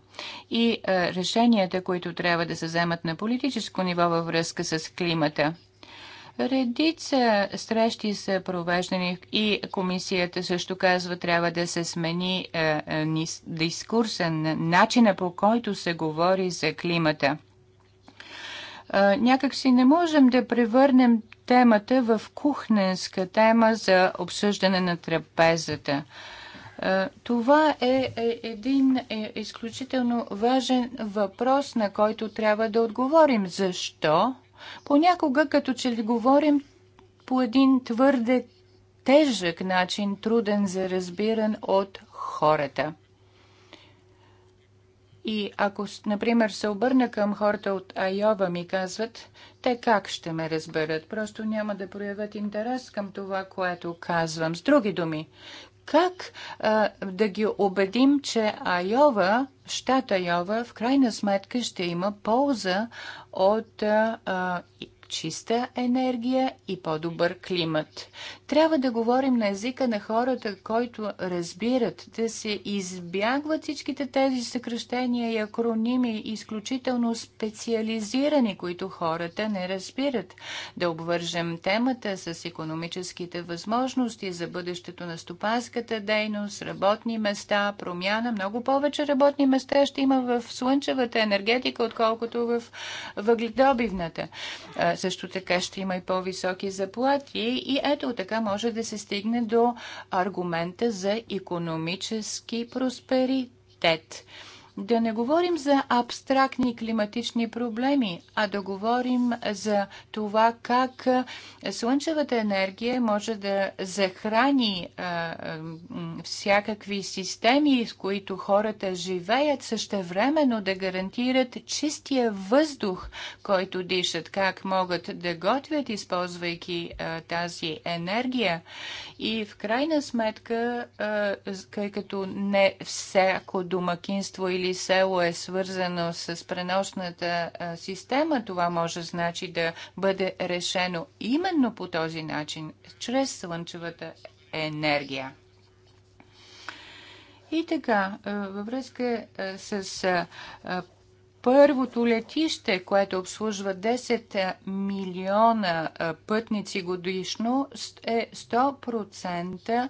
и решенията, които трябва да се вземат на политическо ниво във връзка с климата. Редица срещи са провеждани и комисията също казва, трябва да се смени е, е, дискурса, начина по който се говори за климата. Е, някак си не можем да превърнем темата в кухненска тема за обсъждане на трапезата. Е, това е, е един е, изключително важен въпрос, на който трябва да отговорим. Защо Понякога, като че ли говорим по един твърде тежък начин, труден за разбиран от хората. И ако, например, се обърна към хората от Айова, ми казват, те как ще ме разберат? Просто няма да проявят интерес към това, което казвам. С други думи, как а, да ги убедим, че Айова, щат Айова, в крайна сметка ще има полза от а, чиста енергия и по-добър климат. Трябва да говорим на езика на хората, който разбират, да се избягват всичките тези съкръщения и акроними, изключително специализирани, които хората не разбират. Да обвържем темата с економическите възможности за бъдещето на стопанската дейност, работни места, промяна. Много повече работни места ще има в слънчевата енергетика, отколкото в въгледобивната също така ще има и по-високи заплати и ето така може да се стигне до аргумента за економически просперитет. Да не говорим за абстрактни климатични проблеми, а да говорим за това как слънчевата енергия може да захрани всякакви системи, с които хората живеят, същевременно да гарантират чистия въздух, който дишат, как могат да готвят, използвайки тази енергия. И в крайна сметка, тъй като не всяко домакинство или или село е свързано с преносната система, това може значи да бъде решено именно по този начин, чрез слънчевата енергия. И така, във връзка с първото летище, което обслужва 10 милиона пътници годишно, е 100%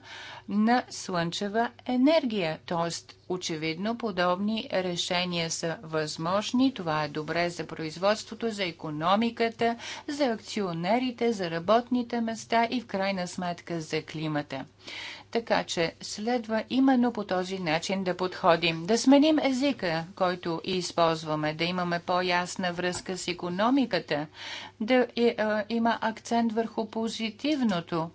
на слънчева енергия. Тоест, очевидно, подобни решения са възможни. Това е добре за производството, за економиката, за акционерите, за работните места и в крайна сметка за климата. Така че следва именно по този начин да подходим. Да сменим езика, който използваме, да имаме по-ясна връзка с економиката, да е, е, има акцент върху позитивното.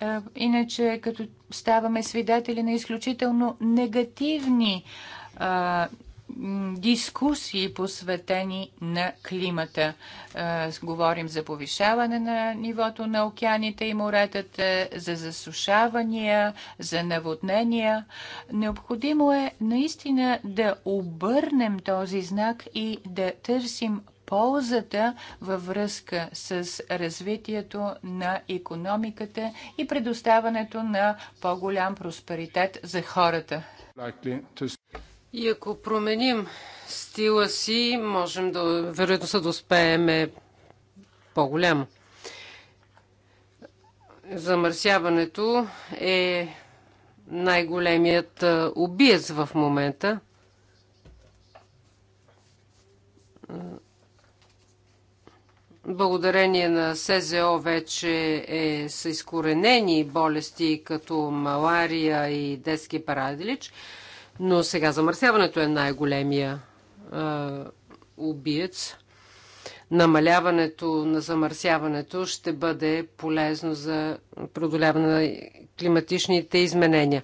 Е, иначе, като ставаме свидетели на изключително негативни дискусии посветени на климата. Говорим за повишаване на нивото на океаните и моретата, за засушавания, за наводнения. Необходимо е наистина да обърнем този знак и да търсим ползата във връзка с развитието на економиката и предоставането на по-голям просперитет за хората. И ако променим стила си, можем да, са да успеем е по голямо Замърсяването е най-големият убиец в момента. Благодарение на СЗО вече е, са изкоренени болести като малария и детски парадилич. Но сега замърсяването е най-големия убиец. Намаляването на замърсяването ще бъде полезно за продоляване на климатичните изменения.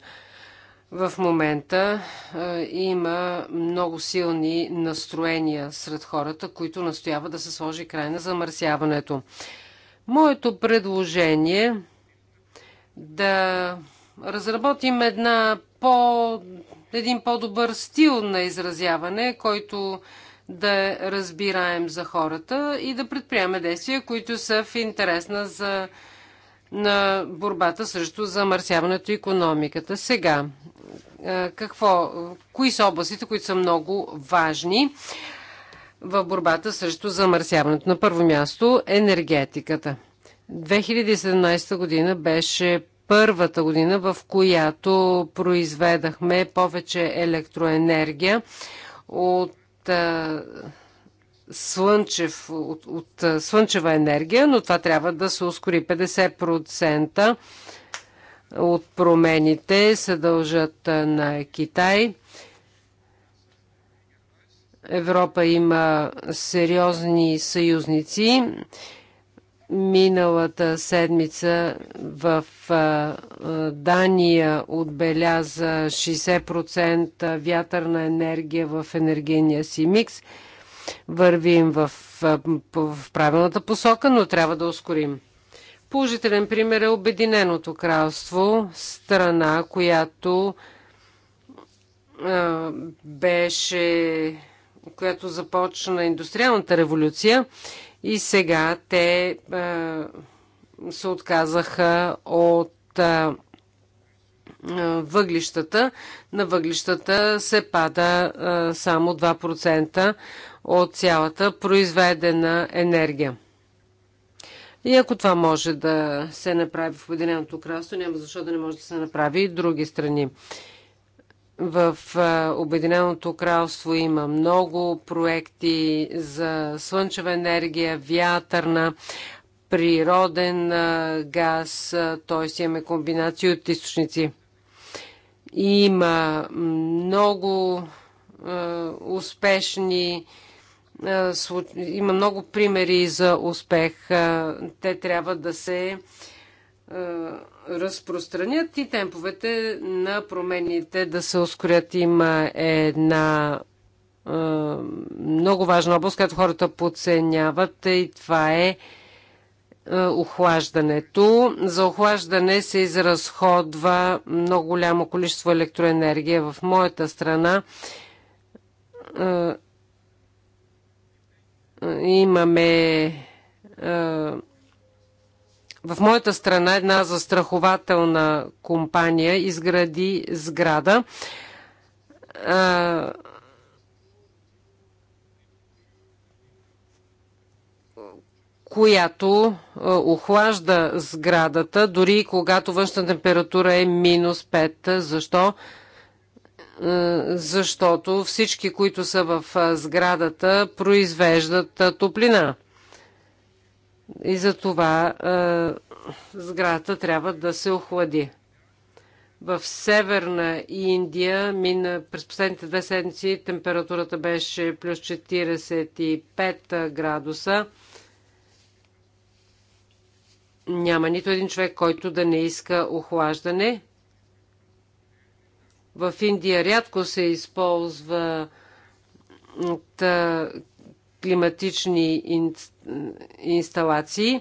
В момента а, има много силни настроения сред хората, които настояват да се сложи край на замърсяването. Моето предложение е да разработим една по един по-добър стил на изразяване, който да разбираем за хората и да предприеме действия, които са в интерес на, за, на борбата срещу замърсяването и економиката. Сега, какво, кои са областите, които са много важни в борбата срещу замърсяването? На първо място енергетиката. 2017 година беше първата година, в която произведахме повече електроенергия от а, слънчев, от, от слънчева енергия, но това трябва да се ускори. 50% от промените се дължат на Китай. Европа има сериозни съюзници Миналата седмица в Дания отбеляза 60% вятърна енергия в енергийния си микс. Вървим в, в правилната посока, но трябва да ускорим. Положителен пример е Обединеното кралство, страна, която беше която започна индустриалната революция и сега те се отказаха от въглищата. На въглищата се пада само 2% от цялата произведена енергия. И ако това може да се направи в Обединеното кралство, няма защо да не може да се направи и други страни. В Обединеното кралство има много проекти за слънчева енергия, вятърна, природен газ, т.е. имаме комбинации от източници. Има много е, успешни е, има много примери за успех. Те трябва да се е, разпространят и темповете на промените да се ускорят. Има една е, много важна област, която хората подценяват и това е, е, охлаждането. За охлаждане се изразходва много голямо количество електроенергия. В моята страна имаме в моята страна една застрахователна компания изгради сграда. А, която охлажда сградата, дори когато външна температура е минус 5. Защо? Защото всички, които са в сградата, произвеждат топлина. И за това е, сградата трябва да се охлади. В северна Индия мина през последните две седмици температурата беше плюс 45 градуса. Няма нито един човек, който да не иска охлаждане. В Индия рядко се използва климатични инсталации.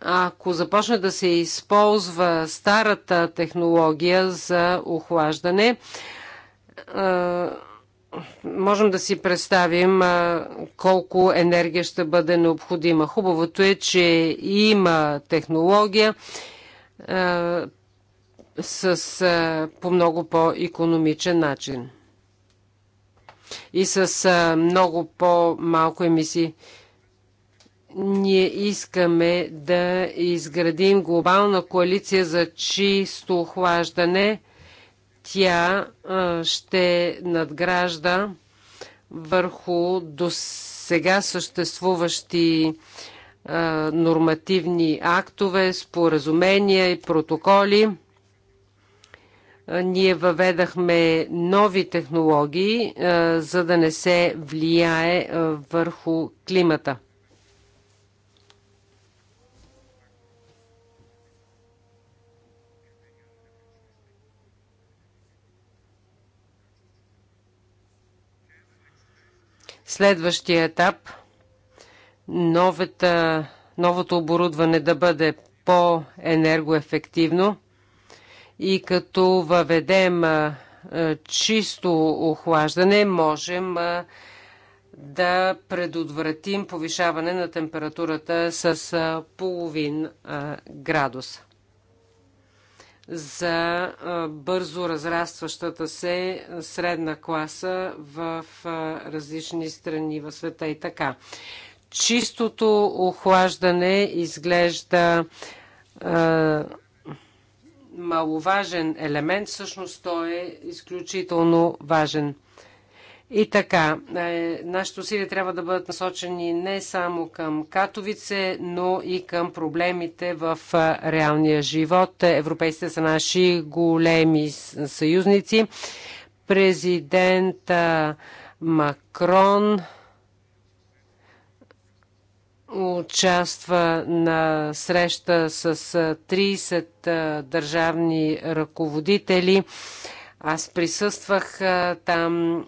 Ако започне да се използва старата технология за охлаждане, можем да си представим колко енергия ще бъде необходима. Хубавото е, че има технология с по много по-економичен начин и с много по-малко емисии. Ние искаме да изградим глобална коалиция за чисто охлаждане. Тя ще надгражда върху до сега съществуващи нормативни актове, споразумения и протоколи ние въведахме нови технологии, за да не се влияе върху климата. Следващия етап новото оборудване да бъде по-енергоефективно и като въведем чисто охлаждане, можем да предотвратим повишаване на температурата с половин градус. За бързо разрастващата се средна класа в различни страни в света и така. Чистото охлаждане изглежда маловажен елемент, всъщност той е изключително важен. И така, е, нашите усилия трябва да бъдат насочени не само към Катовице, но и към проблемите в е, реалния живот. Европейците са наши големи съюзници. Президент Макрон участва на среща с 30 държавни ръководители. Аз присъствах там.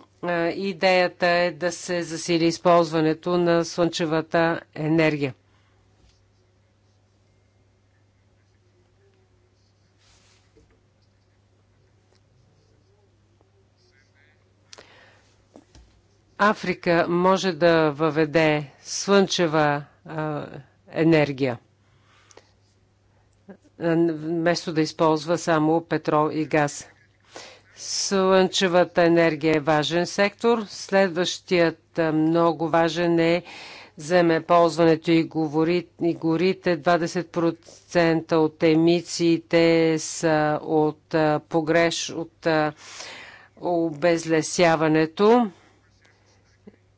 Идеята е да се засили използването на слънчевата енергия. Африка може да въведе слънчева енергия. Вместо да използва само петрол и газ. Слънчевата енергия е важен сектор. Следващият много важен е земеползването и, и горите. 20% от емисиите са от, погреш, от обезлесяването.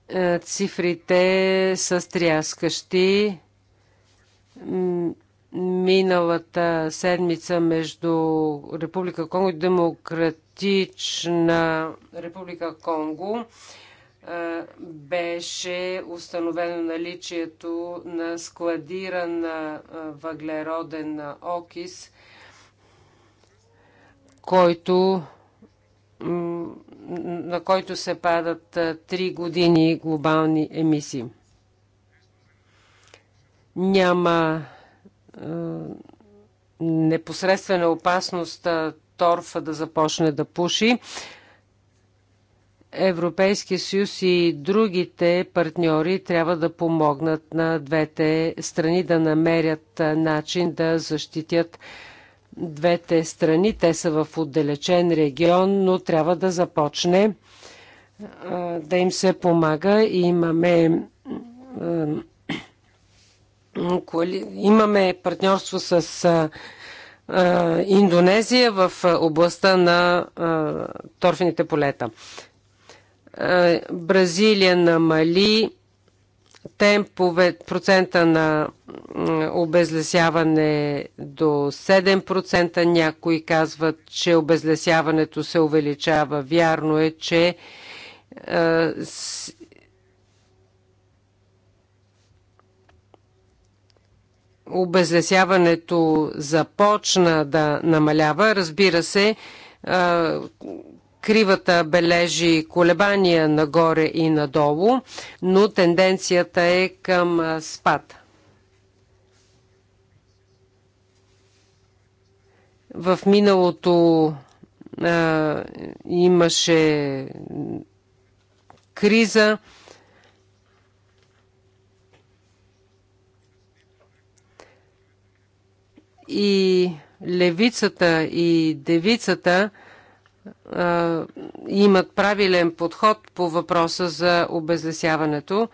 Е, цифрите са стряскащи. Миналата седмица между Република Конго и Демократична Република Конго е, беше установено наличието на складиран е, въглероден окис, който на който се падат 3 години глобални емисии. Няма непосредствена опасност торфа да започне да пуши. Европейския съюз и другите партньори трябва да помогнат на двете страни да намерят начин да защитят двете страни. Те са в отдалечен регион, но трябва да започне да им се помага. имаме, имаме партньорство с Индонезия в областта на торфените полета. Бразилия намали темпове, процента на обезлесяване до 7%. Някои казват, че обезлесяването се увеличава. Вярно е, че е, обезлесяването започна да намалява. Разбира се, е, Кривата бележи колебания нагоре и надолу, но тенденцията е към спад. В миналото а, имаше криза. И левицата и девицата – имат правилен подход по въпроса за обезлесяването.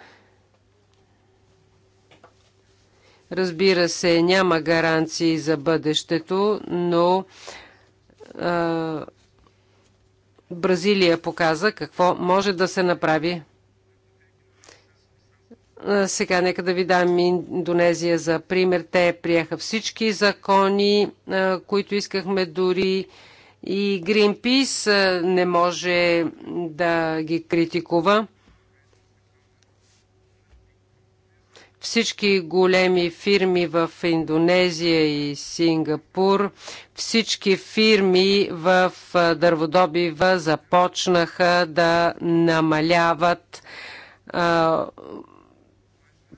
Разбира се, няма гаранции за бъдещето, но а, Бразилия показа какво може да се направи. А, сега нека да ви дам Индонезия за пример. Те приеха всички закони, а, които искахме дори и Гринпис е, не може да ги критикува. Всички големи фирми в Индонезия и Сингапур, всички фирми в е, дърводобива започнаха да намаляват а, е,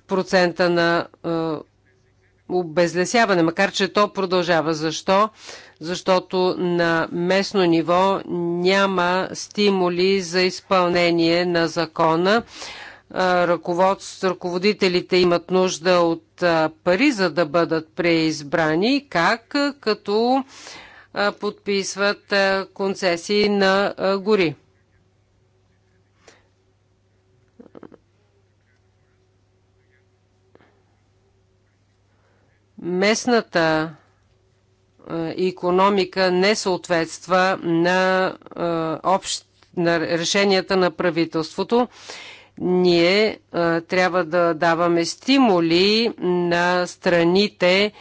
процента на а, обезлесяване, макар че то продължава. Защо? защото на местно ниво няма стимули за изпълнение на закона. Ръководителите имат нужда от пари, за да бъдат преизбрани. Как? Като подписват концесии на гори. Местната економика не съответства на, е, общ, на решенията на правителството. Ние е, трябва да даваме стимули на страните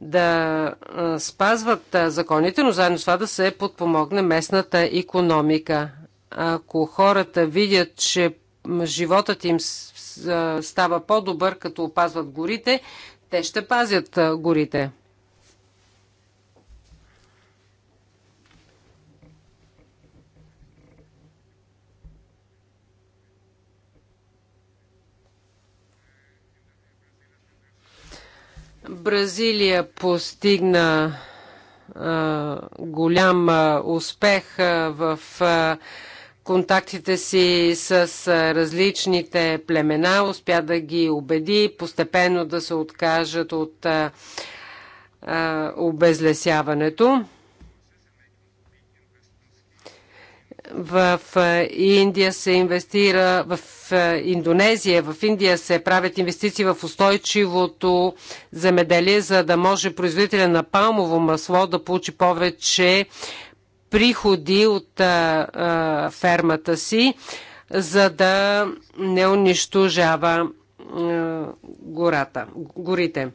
да е, спазват законите, но заедно с това да се подпомогне местната економика. Ако хората видят, че животът им става по-добър, като опазват горите, те ще пазят горите. Бразилия постигна а, голям а, успех а, в а, контактите си с а, различните племена, успя да ги убеди постепенно да се откажат от а, а, обезлесяването. в е, Индия се инвестира, в е, Индонезия, в Индия се правят инвестиции в устойчивото земеделие, за да може производителя на палмово масло да получи повече приходи от а, е, а, фермата си, за да не унищожава а, гората, горите.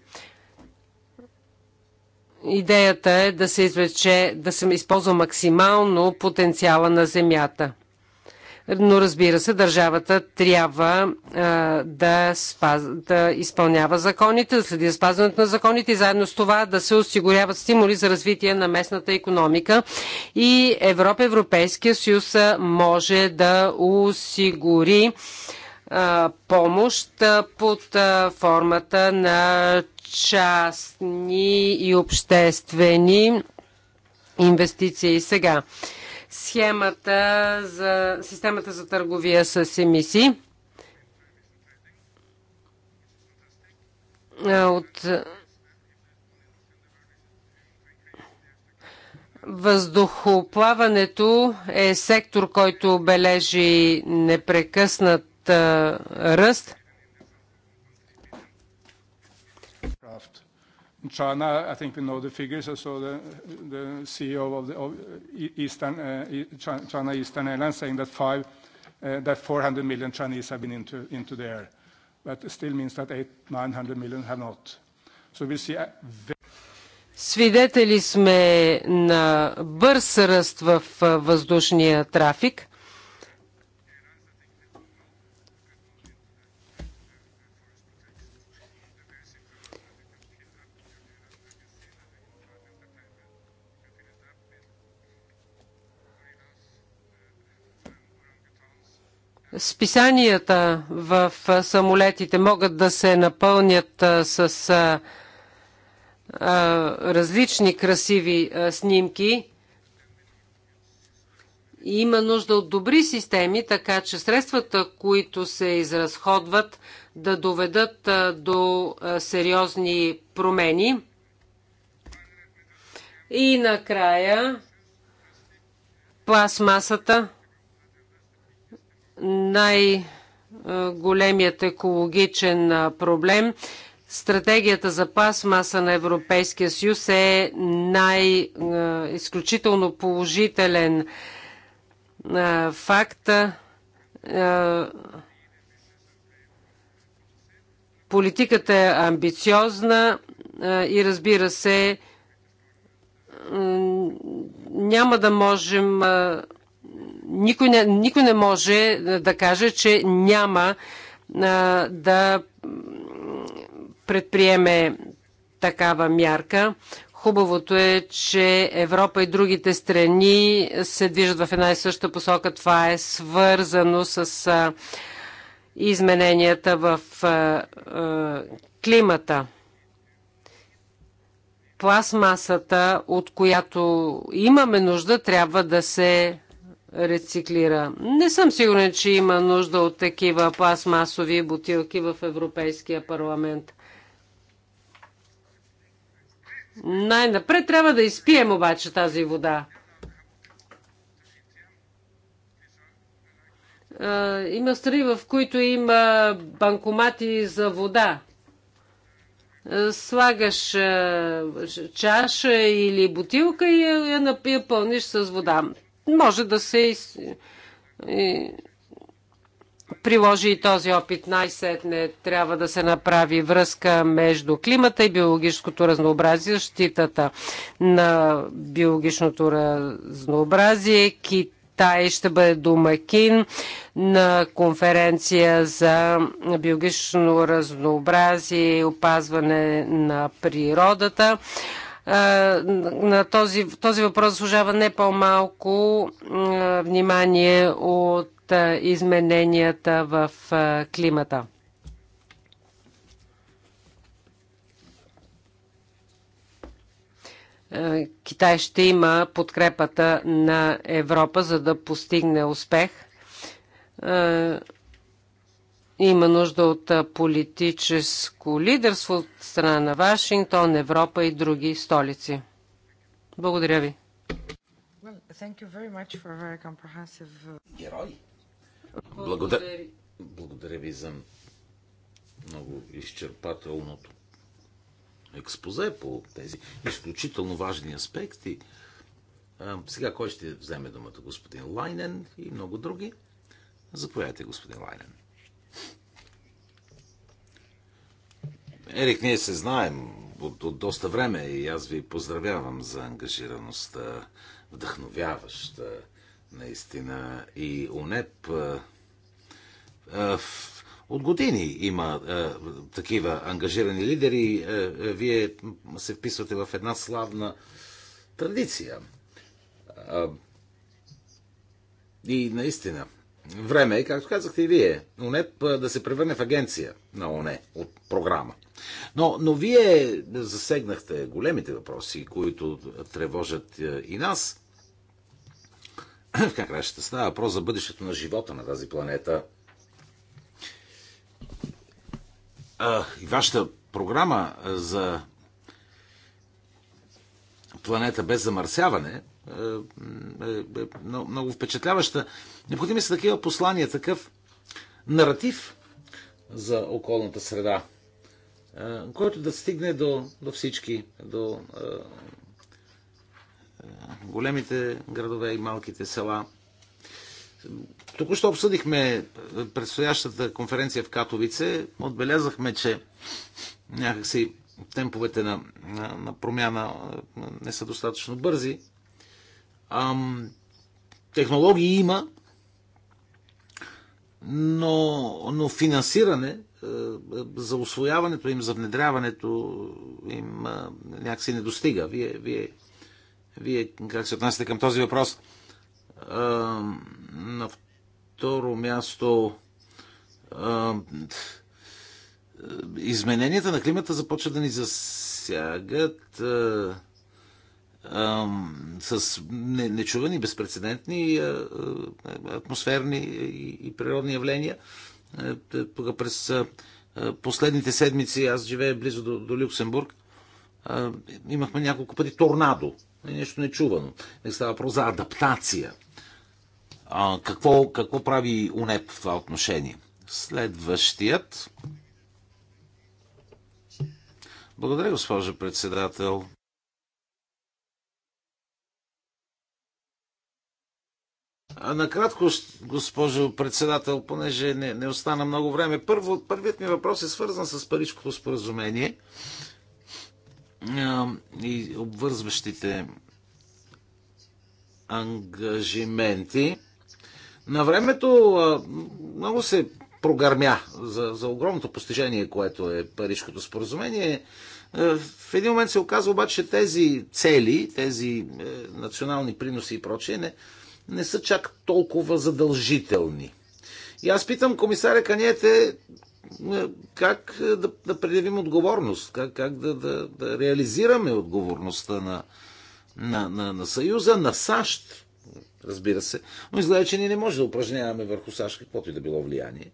Идеята е да се извлече, да се използва максимално потенциала на земята. Но разбира се, държавата трябва а, да, спаз, да изпълнява законите, да следи спазването на законите и заедно с това да се осигуряват стимули за развитие на местната економика. И Европа, Европейския съюз може да осигури а, помощ под формата на частни и обществени инвестиции. Сега, схемата за, системата за търговия с емисии. От Въздухоплаването е сектор, който бележи непрекъснат ръст. China, I think we know the figures. I saw the CEO of China Eastern Airlines saying that 400 million Chinese have been into the air. But it still means that 800-900 million have not. So We see a very... Свидетели сме на бърз ръст в въздушния трафик. Списанията в самолетите могат да се напълнят с различни красиви снимки. И има нужда от добри системи, така че средствата, които се изразходват, да доведат до сериозни промени. И накрая пластмасата най-големият екологичен проблем. Стратегията за пластмаса на Европейския съюз е най-изключително положителен факт. Политиката е амбициозна и разбира се, няма да можем никой, не, никой не може е, да каже, че няма а, е, да предприеме такава мярка. Хубавото е, че Европа и другите страни се движат в една и съща посока. Това е свързано с а, измененията в а, а, климата. Пластмасата, от която имаме нужда, трябва да се рециклира. Не съм сигурен, че има нужда от такива пластмасови бутилки в Европейския парламент. Най-напред трябва да изпием обаче тази вода. Има страни, в които има банкомати за вода. Слагаш чаша или бутилка и я напия пълниш с вода може да се приложи и този опит. Най-сетне трябва да се направи връзка между климата и биологическото разнообразие, защитата на биологичното разнообразие. Китай ще бъде домакин на конференция за биологично разнообразие и опазване на природата на този, този въпрос заслужава не по-малко внимание от измененията в климата. Китай ще има подкрепата на Европа, за да постигне успех. Има нужда от политическо лидерство от страна на Вашингтон, Европа и други столици. Благодаря ви. Uh, Герой. Благодаря, благодаря ви за много изчерпателното експозе по тези изключително важни аспекти. А, сега кой ще вземе думата? Господин Лайнен и много други. Заповядайте, господин Лайнен. Ерик, ние се знаем от, от доста време и аз ви поздравявам за ангажираността, вдъхновяваща наистина. И УНЕП а, а, от години има а, такива ангажирани лидери. А, а, вие се вписвате в една славна традиция. А, и наистина, време е, както казахте и вие, УНЕП да се превърне в агенция на ОНЕ от програма. Но, но вие засегнахте големите въпроси, които тревожат е, и нас. В край ще става въпрос за бъдещето на живота на тази планета. И вашата програма е, за планета без замърсяване е, е много впечатляваща. Необходими са такива послания, такъв наратив за околната среда. Е, който да стигне до, до всички, до е, големите градове и малките села. Току-що обсъдихме предстоящата конференция в Катовице. Отбелязахме, че някакси темповете на, на, на промяна е, не са достатъчно бързи. Ам, технологии има, но, но финансиране е, за освояването им, за внедряването им е, някакси не достига. Вие, вие, вие как се отнасяте към този въпрос? Е, на второ място измененията на климата започват да ни засягат с нечувани, безпредседентни атмосферни и природни явления. Е, е, тук през е, последните седмици аз живея близо до, до Люксембург. Имахме няколко пъти торнадо. Нещо нечувано. Не става въпрос за адаптация. А, какво, какво прави УНЕП в това отношение? Следващият. Благодаря, госпожо председател. А накратко, госпожо председател, понеже не, не остана много време. Първо, първият ми въпрос е свързан с Парижкото споразумение и обвързващите ангажименти. На времето много се прогърмя за, за огромното постижение, което е Парижкото споразумение. В един момент се оказва обаче, че тези цели, тези е, национални приноси и прочие, не, не са чак толкова задължителни. И аз питам комисаря Каниете е, как е, да, да предявим отговорност, как, как да, да, да реализираме отговорността на, на, на, на Съюза, на САЩ, разбира се. Но изглежда, че ние не можем да упражняваме върху САЩ каквото и да било влияние.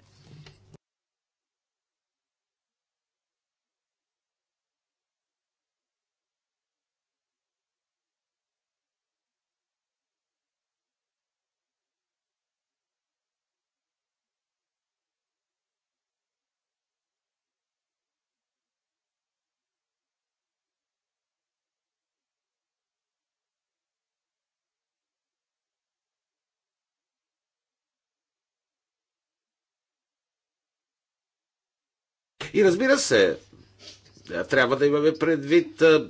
И разбира се, е, трябва да имаме предвид е,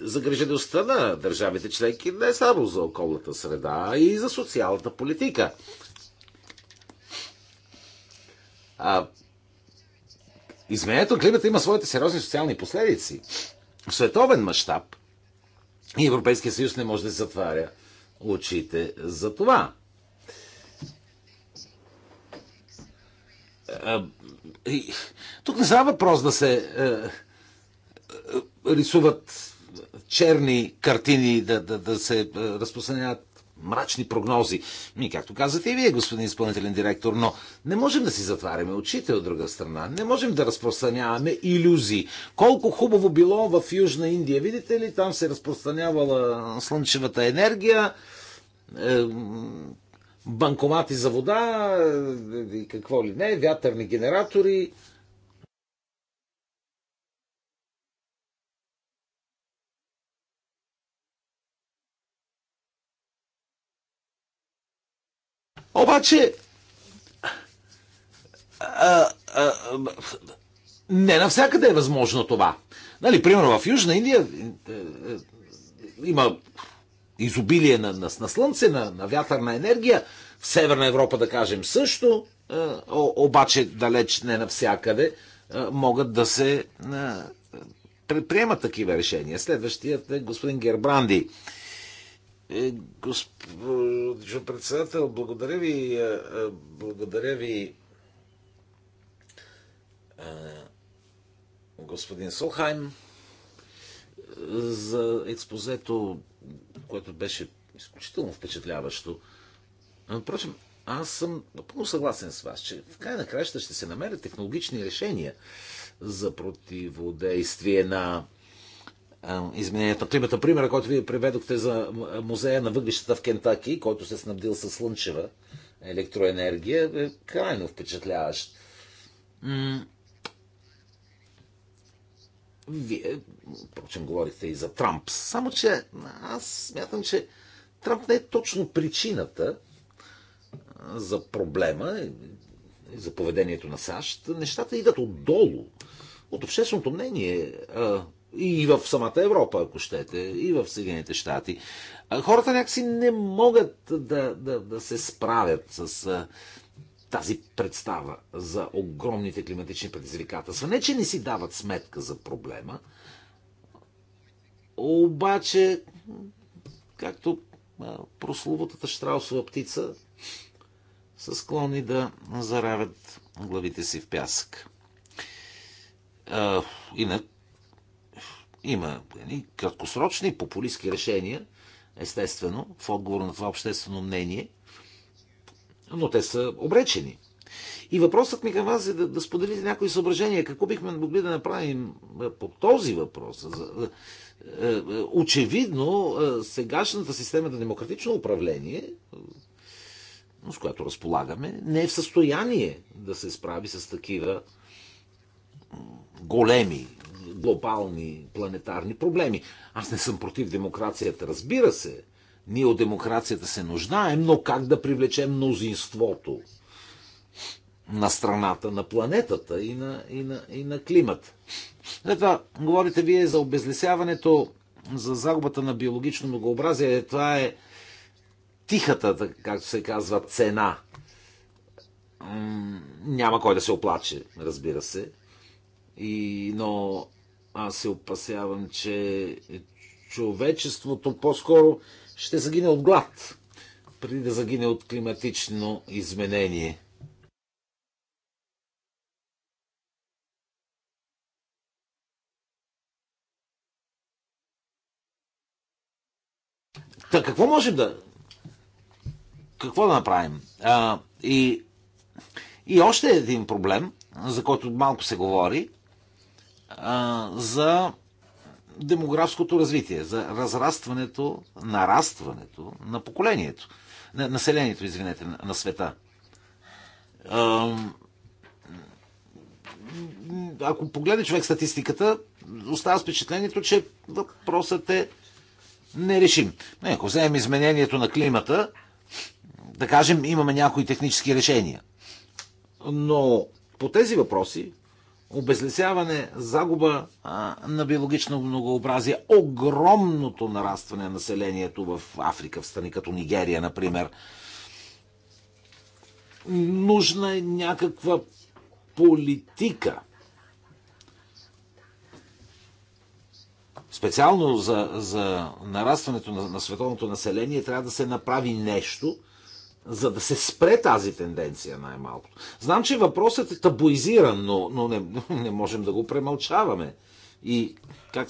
загрижеността на държавите членки не само за околната среда, а и за социалната политика. А, изменението климата има своите сериозни социални последици. В световен мащаб и Европейския съюз не може да се затваря очите за това. Е, е, е, тук не става въпрос да се рисуват черни картини, да, да, да се разпространяват мрачни прогнози. Ми, както казвате и вие, господин изпълнителен директор, но не можем да си затваряме очите от друга страна. Не можем да разпространяваме иллюзии. Колко хубаво било в Южна Индия. Видите ли, там се разпространявала слънчевата енергия банкомати за вода е, е, и какво ли не, вятърни генератори. Обаче, а, а, не навсякъде е възможно това. Нали, примерно в Южна Индия е, има изобилие на, на, на слънце, на, на вятърна енергия. В Северна Европа, да кажем, също, а, обаче далеч не навсякъде могат да се предприемат такива решения. Следващият е господин Гербранди. Е, господин председател, благодаря ви, благодаря ви господин Солхайм за експозето което беше изключително впечатляващо. Впрочем, аз съм напълно съгласен с вас, че в край на краща ще се намерят технологични решения за противодействие на изменението на климата. Примера, който вие приведохте за музея на въглищата в Кентаки, който се е снабдил с слънчева електроенергия, е крайно впечатляващ. Вие, впрочем, говорите и за Трамп. Само, че аз смятам, че Трамп не е точно причината за проблема и за поведението на САЩ. Нещата идат отдолу, от общественото мнение и в самата Европа, ако щете, и в Съединените щати. Хората някакси не могат да, да, да се справят с тази представа за огромните климатични предизвикателства. Не, че не си дават сметка за проблема, обаче, както прословутата штраусова птица, са склонни да заравят главите си в пясък. А, инак, има едни краткосрочни популистски решения, естествено, в отговор на това обществено мнение – но те са обречени. И въпросът ми към вас е да, да споделите някои съображения. Какво бихме могли да направим е, по този въпрос? Е, е, очевидно, сегашната система на демократично управление, с която разполагаме, не е в състояние да се справи с такива големи, глобални, планетарни проблеми. Аз не съм против демокрацията, разбира се. Ние от демокрацията се нуждаем, но как да привлечем мнозинството на страната, на планетата и на, и на, и на климата? След това говорите вие за обезлесяването, за загубата на биологично многообразие. Това е тихата, както се казва, цена. Няма кой да се оплаче, разбира се. И, но аз се опасявам, че човечеството по-скоро ще загине от глад, преди да загине от климатично изменение. Та какво можем да. Какво да направим? А, и, и още един проблем, за който малко се говори, а, за демографското развитие, за разрастването, нарастването на поколението, на населението, извинете, на, на света. Ако погледне човек статистиката, остава впечатлението, че въпросът е нерешим. Не, ако вземем изменението на климата, да кажем, имаме някои технически решения. Но по тези въпроси, обезлесяване, загуба а, на биологично многообразие, огромното нарастване на населението в Африка, в страни като Нигерия, например. Нужна е някаква политика. Специално за, за нарастването на, на световното население трябва да се направи нещо – за да се спре тази тенденция най-малко. Знам, че въпросът е табуизиран, но, но не, не можем да го премълчаваме. И как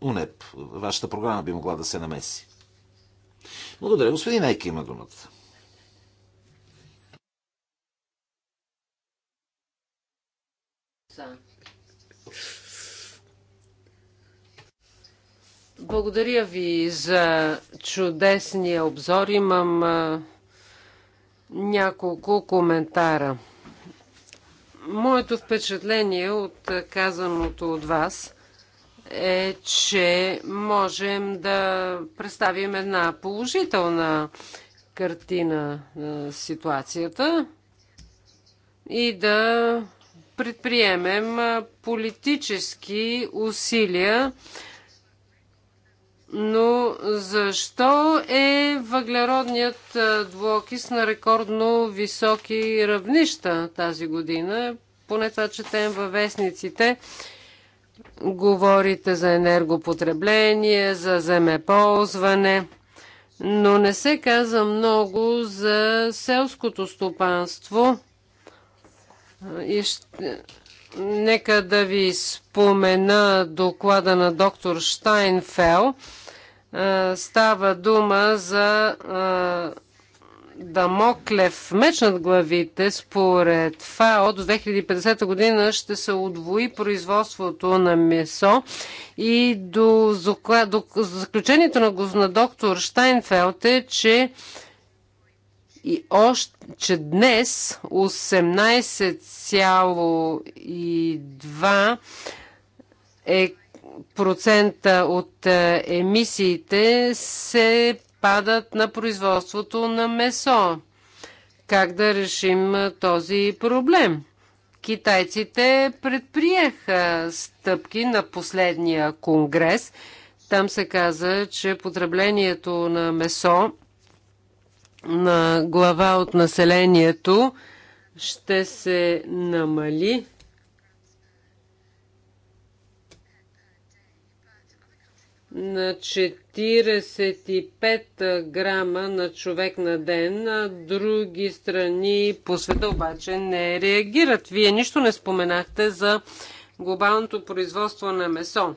УНЕП, вашата програма би могла да се намеси. Благодаря. Господин Ейки има думата. Благодаря ви за чудесния обзор. Имам няколко коментара. Моето впечатление от казаното от вас е, че можем да представим една положителна картина на ситуацията и да предприемем политически усилия но защо е въглеродният двуокис на рекордно високи равнища тази година? Поне това четем във вестниците. Говорите за енергопотребление, за земеползване, но не се каза много за селското стопанство. И ще... Нека да ви спомена доклада на доктор Штайнфел. Става дума за Дамоклев меч над главите, според ФАО до 2050 година ще се удвои производството на месо и до, до, до заключението на, на доктор Штайнфелд е, че и още, днес 18,2 е процента от е, емисиите се падат на производството на месо. Как да решим е, този проблем? Китайците предприеха стъпки на последния конгрес. Там се каза, че потреблението на месо на глава от населението ще се намали. на 45 грама на човек на ден. Други страни по света обаче не реагират. Вие нищо не споменахте за глобалното производство на месо.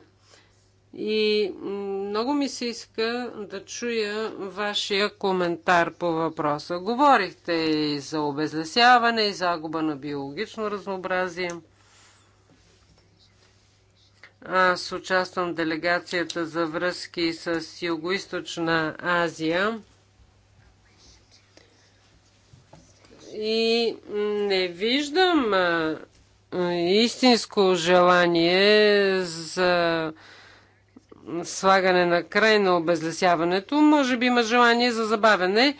И много ми се иска да чуя вашия коментар по въпроса. Говорихте и за обезлесяване, и загуба на биологично разнообразие. Аз участвам в делегацията за връзки с Юго-Источна Азия. И не виждам истинско желание за слагане на край на обезлесяването. Може би има желание за забавяне, е,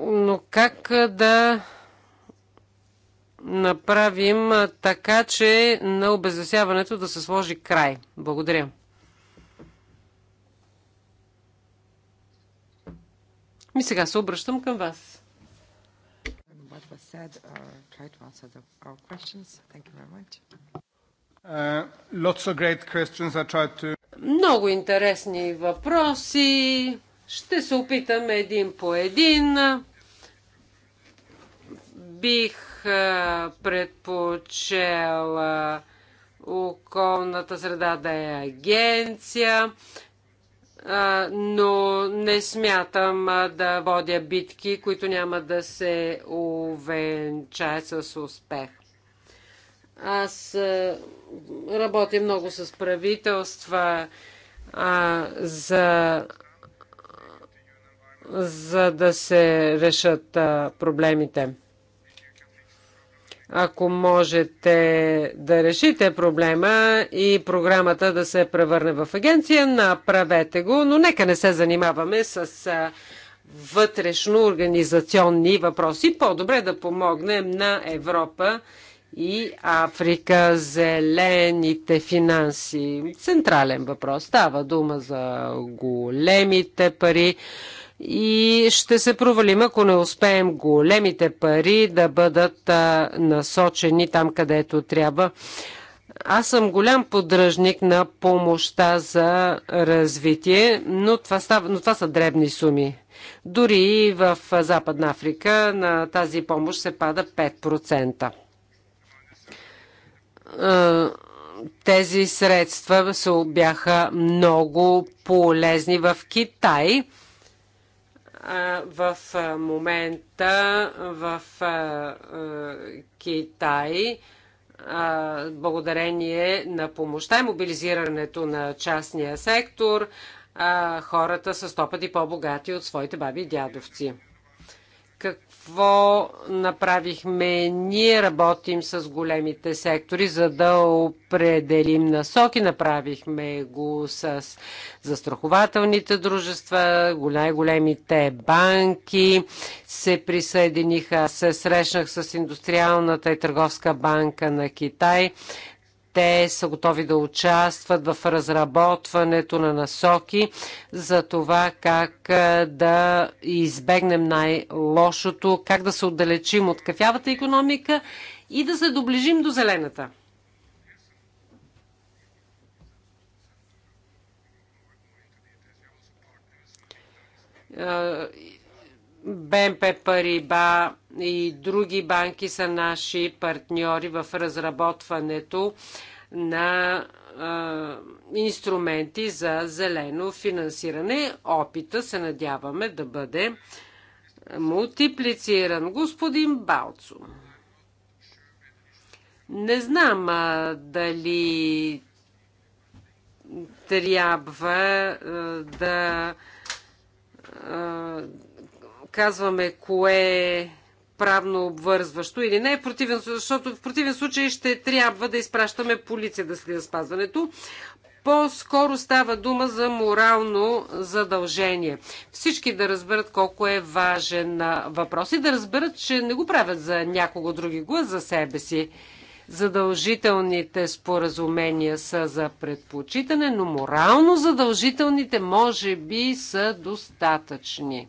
но как да направим така, че на обезлесяването да се сложи край? Благодаря. И сега се обръщам към вас. What was said, uh, to answer the, our questions. Thank you very much. Uh, to... Много интересни въпроси. Ще се опитам един по един. Бих предпочел околната среда да е агенция, но не смятам да водя битки, които няма да се увенчаят с успех. Аз е, работя много с правителства а, за, за да се решат а, проблемите. Ако можете да решите проблема и програмата да се превърне в агенция, направете го, но нека не се занимаваме с. А, вътрешно-организационни въпроси. По-добре да помогнем на Европа и Африка, зелените финанси. Централен въпрос. Става дума за големите пари и ще се провалим, ако не успеем големите пари да бъдат насочени там, където трябва. Аз съм голям поддръжник на помощта за развитие, но това, става, но това са дребни суми. Дори в Западна Африка на тази помощ се пада 5%. Е, тези средства бяха много полезни в Китай. Е, в момента в е, Китай благодарение на помощта и мобилизирането на частния сектор, хората са сто пъти по-богати от своите баби и дядовци какво направихме? Ние работим с големите сектори, за да определим насоки. Направихме го с застрахователните дружества, най-големите банки се присъединиха. Се срещнах с Индустриалната и търговска банка на Китай те са готови да участват в разработването на насоки за това как да избегнем най-лошото, как да се отдалечим от кафявата економика и да се доближим до зелената. БМП Париба и други банки са наши партньори в разработването на инструменти за зелено финансиране. Опита се надяваме да бъде мултиплициран. Господин Балцо, не знам дали трябва да казваме кое е правно обвързващо или не, противен, защото в противен случай ще трябва да изпращаме полиция да следи спазването. По-скоро става дума за морално задължение. Всички да разберат колко е важен въпрос и да разберат, че не го правят за някого други, го за себе си. Задължителните споразумения са за предпочитане, но морално задължителните може би са достатъчни.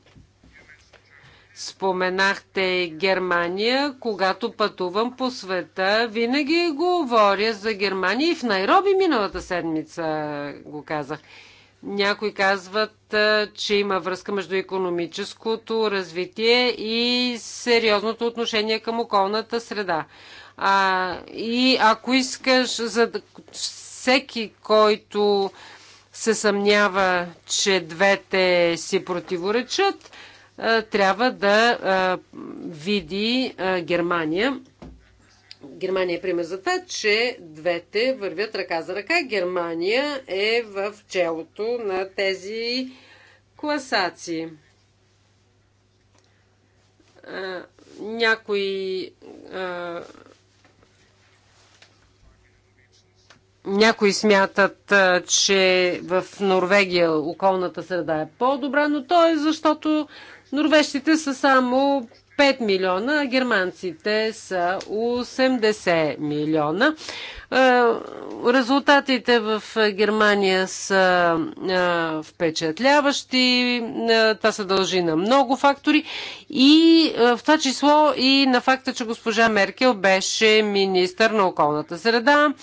Споменахте Германия. Когато пътувам по света, винаги говоря за Германия и в Найроби миналата седмица го казах. Някои казват, че има връзка между економическото развитие и сериозното отношение към околната среда. А, и ако искаш, за всеки, който се съмнява, че двете си противоречат, е, трябва да е, види е, Германия. Германия е пример за това, че двете вървят ръка за ръка. Германия е в челото на тези класации. Някои Някои смятат, че в Норвегия околната среда е по-добра, но то е защото Норвежците са само 5 милиона, а германците са 80 милиона. Е, резултатите в Германия са е, впечатляващи. Е, това се дължи на много фактори. И в това число и на факта, че госпожа Меркел беше министър на околната среда.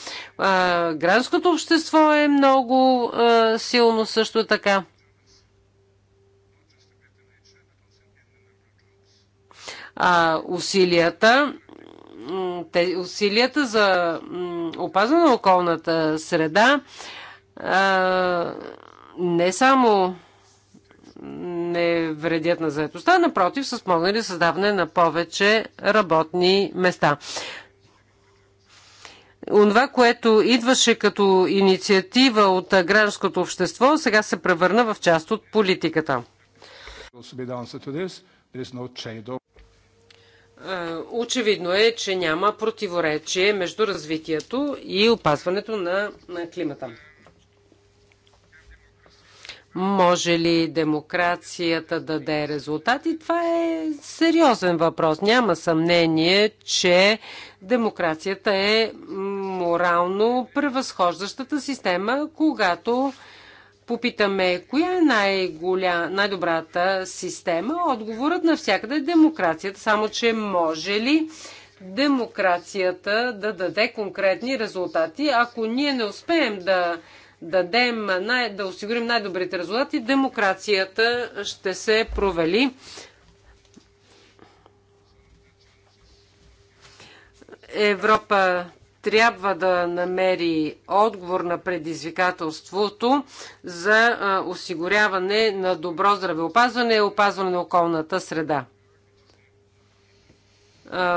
Гранското общество е много силно също така. а, усилията. Те, усилията за опазване на околната среда а, не само не вредят на заедостта, напротив, са спомнали създаване на повече работни места. Онова, което идваше като инициатива от гражданското общество, сега се превърна в част от политиката. Е, очевидно е, че няма противоречие между развитието и опазването на, на климата. Може ли демокрацията да даде резултати? Това е сериозен въпрос. Няма съмнение, че демокрацията е морално превъзхождащата система, когато попитаме коя е най-голя, най-добрата система, отговорът навсякъде е демокрацията. Само, че може ли демокрацията да даде конкретни резултати, ако ние не успеем да дадем, най- да осигурим най-добрите резултати, демокрацията ще се провали. Европа трябва да намери отговор на предизвикателството за осигуряване на добро здравеопазване и опазване на околната среда.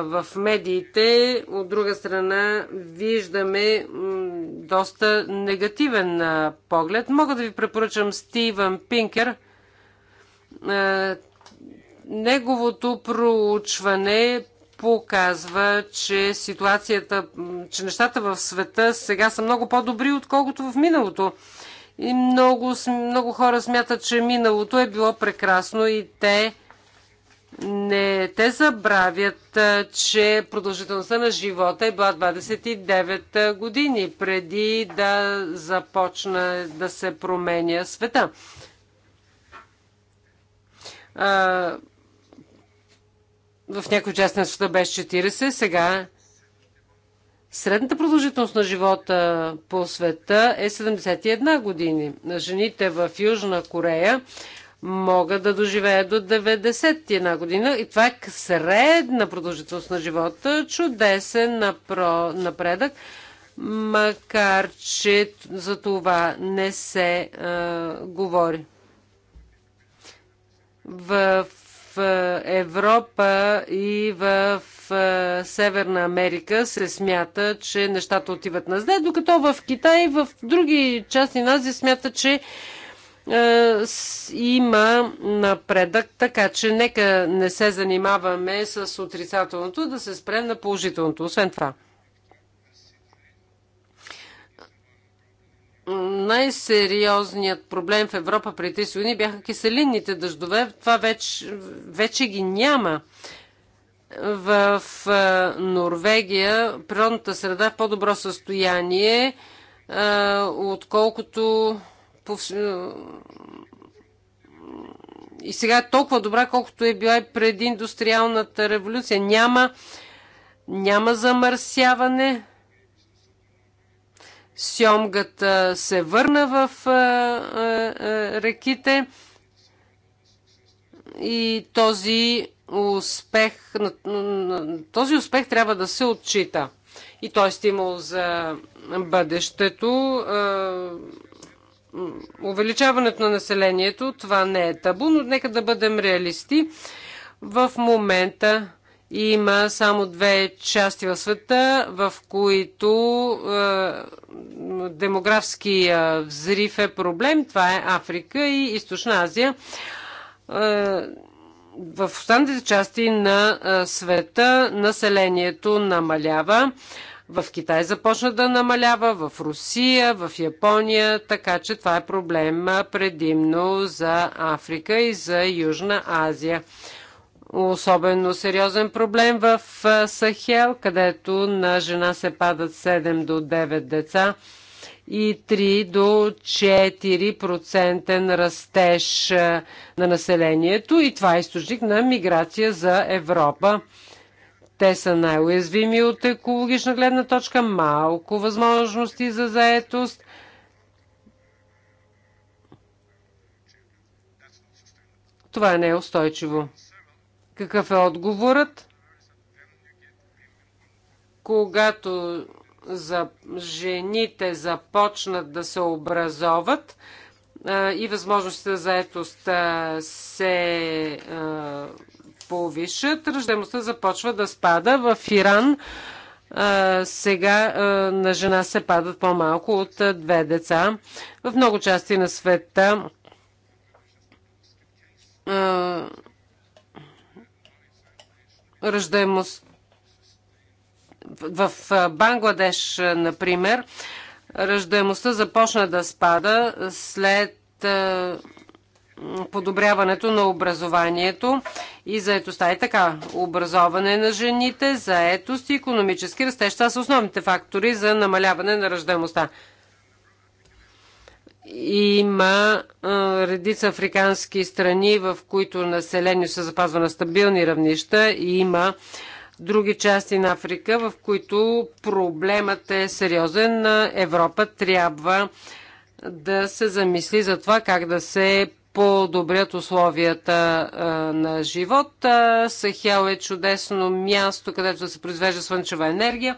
В медиите, от друга страна, виждаме доста негативен поглед. Мога да ви препоръчам Стивън Пинкер. Неговото проучване показва, че ситуацията, че нещата в света сега са много по-добри, отколкото в миналото. И много, много хора смятат, че миналото е било прекрасно и те не те забравят, че продължителността на живота е била 29 години преди да започна да се променя света в някои част на света беше 40, сега средната продължителност на живота по света е 71 години. Жените в Южна Корея могат да доживеят до 91 година и това е средна продължителност на живота. Чудесен напредък, макар че за това не се а, говори. В Европа и в е, Северна Америка се смята, че нещата отиват на зле, докато в Китай и в други части на Азия смята, че е, има напредък, така че нека не се занимаваме с отрицателното, да се спрем на положителното. Освен това, най-сериозният проблем в Европа преди тези години бяха киселинните дъждове. Това вече, вече ги няма. В Норвегия природната среда е в по-добро състояние, отколкото и сега е толкова добра, колкото е била и преди индустриалната революция. Няма, няма замърсяване, Сьомгата се върна в а, а, реките и този успех, този успех трябва да се отчита. И той е стимул за бъдещето. Увеличаването на населението, това не е табу, но нека да бъдем реалисти. В момента има само две части в света, в които е, демографски взрив е проблем. Това е Африка и Източна Азия. Е, в останалите части на е, света населението намалява. В Китай започна да намалява, в Русия, в Япония, така че това е проблем е, предимно за Африка и за Южна Азия особено сериозен проблем в Сахел, където на жена се падат 7 до 9 деца и 3 до 4% растеж на населението и това е източник на миграция за Европа. Те са най-уязвими от екологична гледна точка, малко възможности за заетост. Това не е устойчиво. Какъв е отговорът? Когато за жените започнат да се образоват и възможностите за заетост се повишат, ръждемостта започва да спада. В Иран сега на жена се падат по-малко от две деца. В много части на света ръждаемост в Бангладеш, например, раждаемостта започна да спада след подобряването на образованието и заетостта. И така, образоване на жените, заетост и економически растеж. Това са основните фактори за намаляване на раждаемостта. Има редица африкански страни, в които населението се запазва на стабилни равнища и има други части на Африка, в които проблемът е сериозен. Европа трябва да се замисли за това как да се подобрят условията а, на живот. А, Сахел е чудесно място, където да се произвежда слънчева енергия.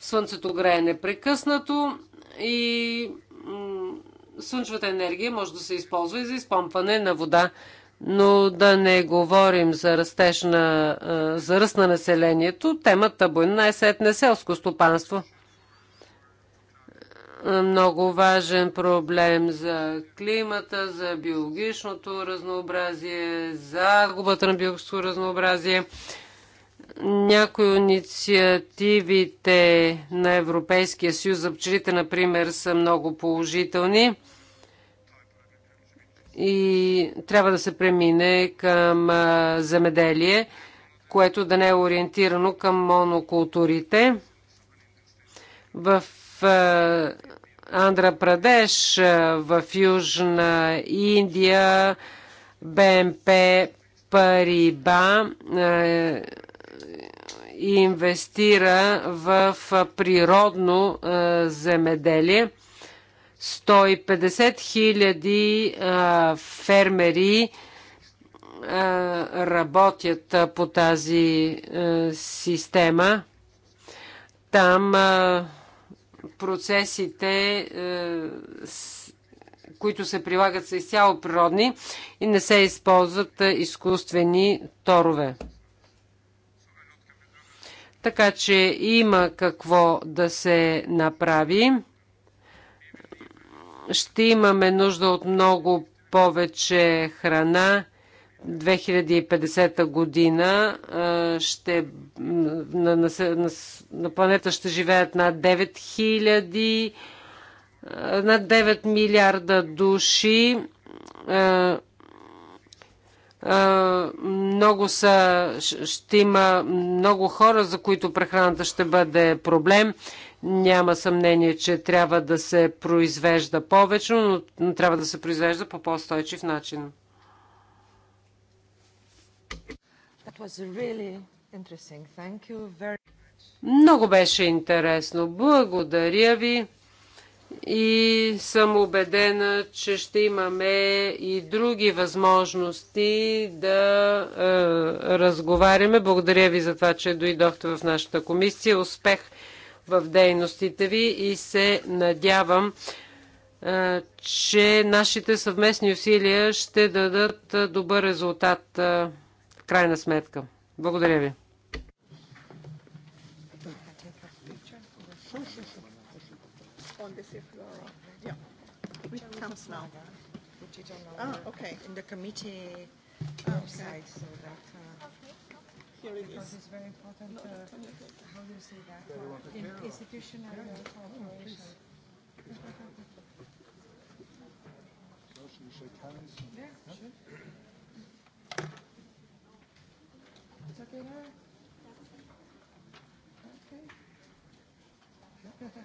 Слънцето грее непрекъснато и слънчевата енергия може да се използва и за изпомпване на вода, но да не говорим за растеж на, за ръст на населението. Темата буйна най-сетне селско стопанство. Много важен проблем за климата, за биологичното разнообразие, загубата на биологическо разнообразие някои инициативите на Европейския съюз за пчелите, например, са много положителни и трябва да се премине към земеделие, което да не е ориентирано към монокултурите. В Андра Прадеш, в Южна Индия, БМП Париба инвестира в природно земеделие. 150 хиляди фермери работят по тази система. Там процесите, които се прилагат, са изцяло природни и не се използват изкуствени торове. Така че има какво да се направи. Ще имаме нужда от много повече храна. 2050 година ще, на, на, на, на планета ще живеят над 9000 над 9 милиарда души много са, ще има много хора, за които прехраната ще бъде проблем. Няма съмнение, че трябва да се произвежда повече, но трябва да се произвежда по по-стойчив начин. Много беше интересно. Благодаря ви и съм убедена, че ще имаме и други възможности да е, разговаряме. Благодаря ви за това, че дойдохте в нашата комисия. Успех в дейностите ви и се надявам, е, че нашите съвместни усилия ще дадат е, добър резултат е, в крайна сметка. Благодаря ви. Ah, okay, in the committee website, so that. Uh, because It's very important uh, how you say that in institutional cooperation. You Yeah, sure. It's okay now? Okay.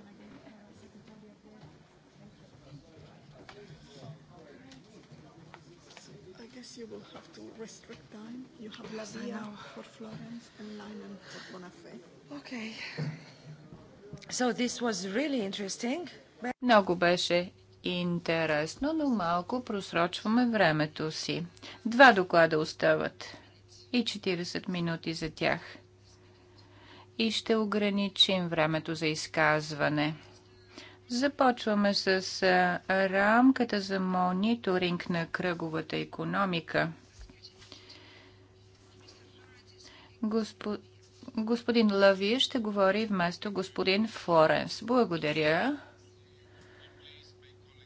you will have to restrict time. You have yes, Lavia for Florence and Linen for Bonafé. Okay. So this was really interesting. Много беше интересно, но малко просрочваме времето си. Два доклада остават и 40 минути за тях. И ще ограничим времето за изказване. Започваме с рамката за мониторинг на кръговата економика. Госпо... Господин Лави ще говори вместо господин Флоренс. Благодаря.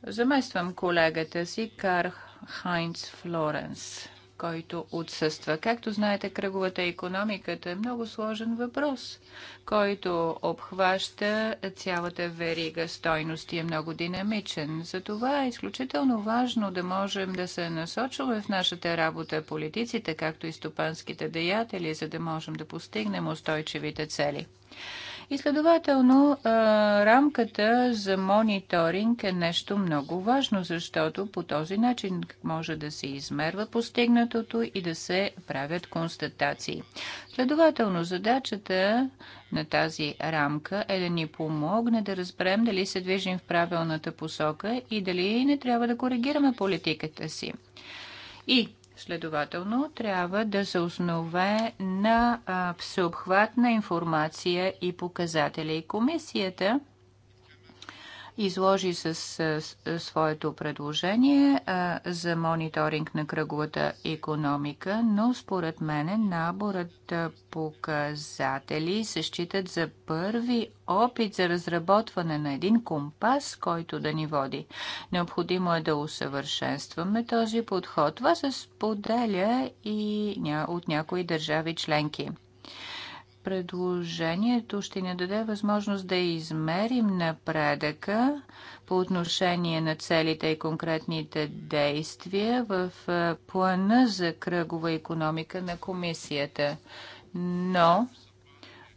Замествам колегата си Карл Хайнц Флоренс който отсъства. Както знаете, кръговата економиката е много сложен въпрос, който обхваща цялата верига стойност и е много динамичен. Затова е изключително важно да можем да се насочваме в нашата работа политиците, както и стопанските деятели, за да можем да постигнем устойчивите цели. И следователно, рамката за мониторинг е нещо много важно, защото по този начин може да се измерва постигнатото и да се правят констатации. Следователно, задачата на тази рамка е да ни помогне да разберем дали се движим в правилната посока и дали не трябва да коригираме политиката си. И Следователно, трябва да се основе на всеобхватна информация и показатели. Комисията изложи с, с своето предложение а, за мониторинг на кръговата економика, но според мен наборът показатели се считат за първи опит за разработване на един компас, който да ни води. Необходимо е да усъвършенстваме този подход. Това се споделя и от някои държави членки предложението ще ни даде възможност да измерим напредъка по отношение на целите и конкретните действия в плана за кръгова економика на комисията. Но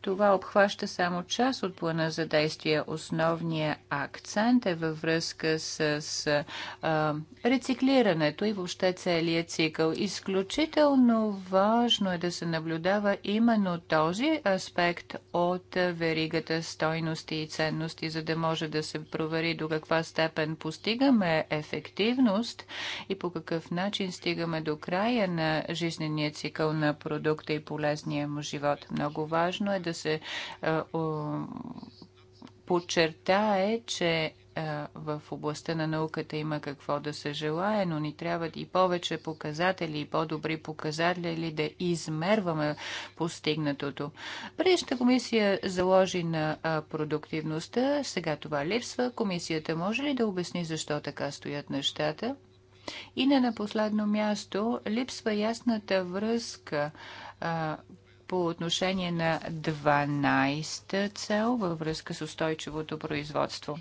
това обхваща само част от плана за действие. Основния акцент е във връзка с, с а, рециклирането и въобще целият цикъл. Изключително важно е да се наблюдава именно този аспект от веригата стойности и ценности, за да може да се провери до каква степен постигаме ефективност и по какъв начин стигаме до края на жизнения цикъл на продукта и полезния му живот. Много важно е да се е, подчертае, че е, в областта на науката има какво да се желае, но ни трябват и повече показатели, и по-добри показатели да измерваме постигнатото. Предишната комисия заложи на е, продуктивността, сега това липсва. Комисията може ли да обясни защо така стоят нещата? И не на последно място, липсва ясната връзка по отношение на 12-та цел във връзка с устойчивото производство.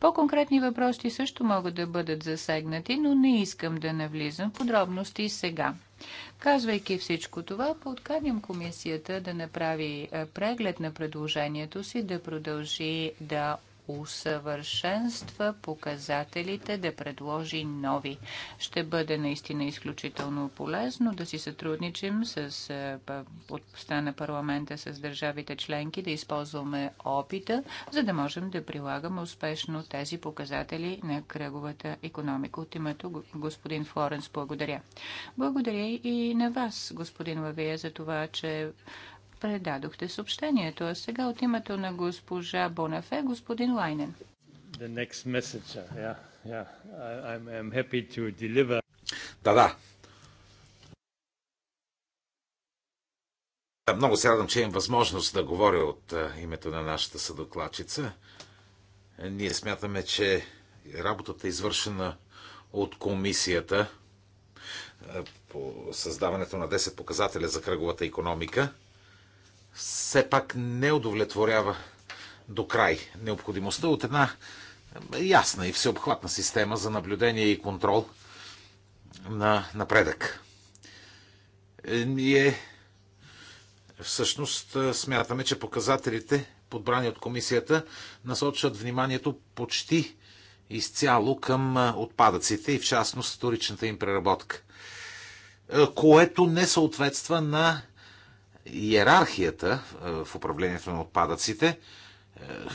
По-конкретни въпроси също могат да бъдат засегнати, но не искам да навлизам в подробности сега. Казвайки всичко това, подканям комисията да направи преглед на предложението си, да продължи да усъвършенства показателите, да предложи нови. Ще бъде наистина изключително полезно да си сътрудничим с отпуста на парламента с държавите членки, да използваме опита, за да можем да прилагаме успешно тези показатели на кръговата економика. От името господин Флоренс, благодаря. Благодаря и на вас, господин Лавия, за това, че предадохте съобщението. А сега от името на госпожа Бонафе, господин Лайнен. Uh, yeah, yeah. I'm, да, да. Много се радвам, че имам възможност да говоря от е, името на нашата съдокладчица. Е, ние смятаме, че работата е извършена от комисията е, по създаването на 10 показателя за кръговата економика – все пак не удовлетворява до край необходимостта от една ясна и всеобхватна система за наблюдение и контрол на напредък. Е, ние всъщност е, смятаме, че показателите, подбрани от комисията, насочат вниманието почти изцяло към е, отпадъците и в частност вторичната им преработка, което не съответства на иерархията е, в управлението на отпадъците, е,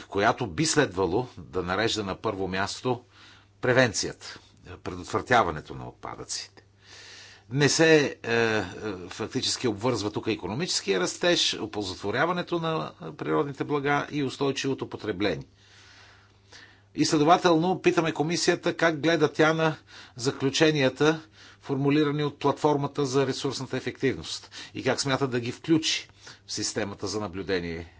която би следвало да нарежда на първо място превенцията, е, предотвратяването на отпадъците. Не се е, фактически обвързва тук економическия растеж, оползотворяването на природните блага и устойчивото потребление. И следователно питаме комисията как гледа тя на заключенията формулирани от платформата за ресурсната ефективност и как смята да ги включи в системата за наблюдение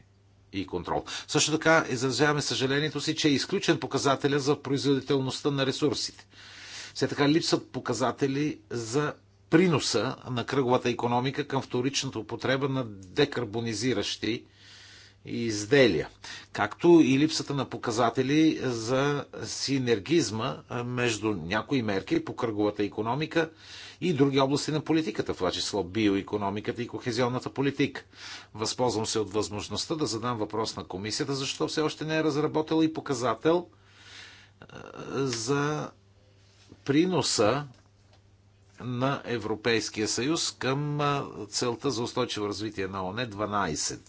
и контрол. Също така изразяваме съжалението си, че е изключен показателя за производителността на ресурсите. Все така липсват показатели за приноса на кръговата економика към вторичната употреба на декарбонизиращи изделия, както и липсата на показатели за синергизма между някои мерки по кръговата економика и други области на политиката, в това число биоекономиката и кохезионната политика. Възползвам се от възможността да задам въпрос на комисията, защо все още не е разработил и показател за приноса на Европейския съюз към целта за устойчиво развитие на ОНЕ 12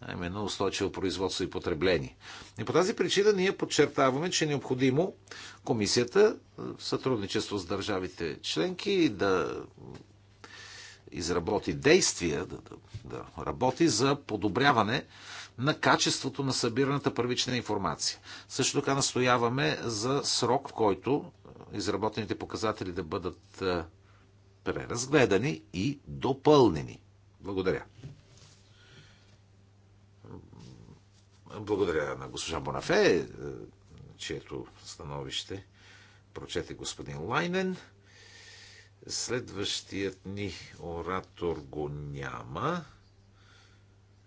а именно устойчиво производство и потребление. И по тази причина ние подчертаваме, че е необходимо комисията в сътрудничество с държавите членки да изработи действия, да, да, да работи за подобряване на качеството на събираната първична информация. Също така настояваме за срок, в който изработените показатели да бъдат преразгледани и допълнени. Благодаря. Благодаря на госпожа Бонафе, е, чието становище прочете господин Лайнен. Следващият ни оратор го няма.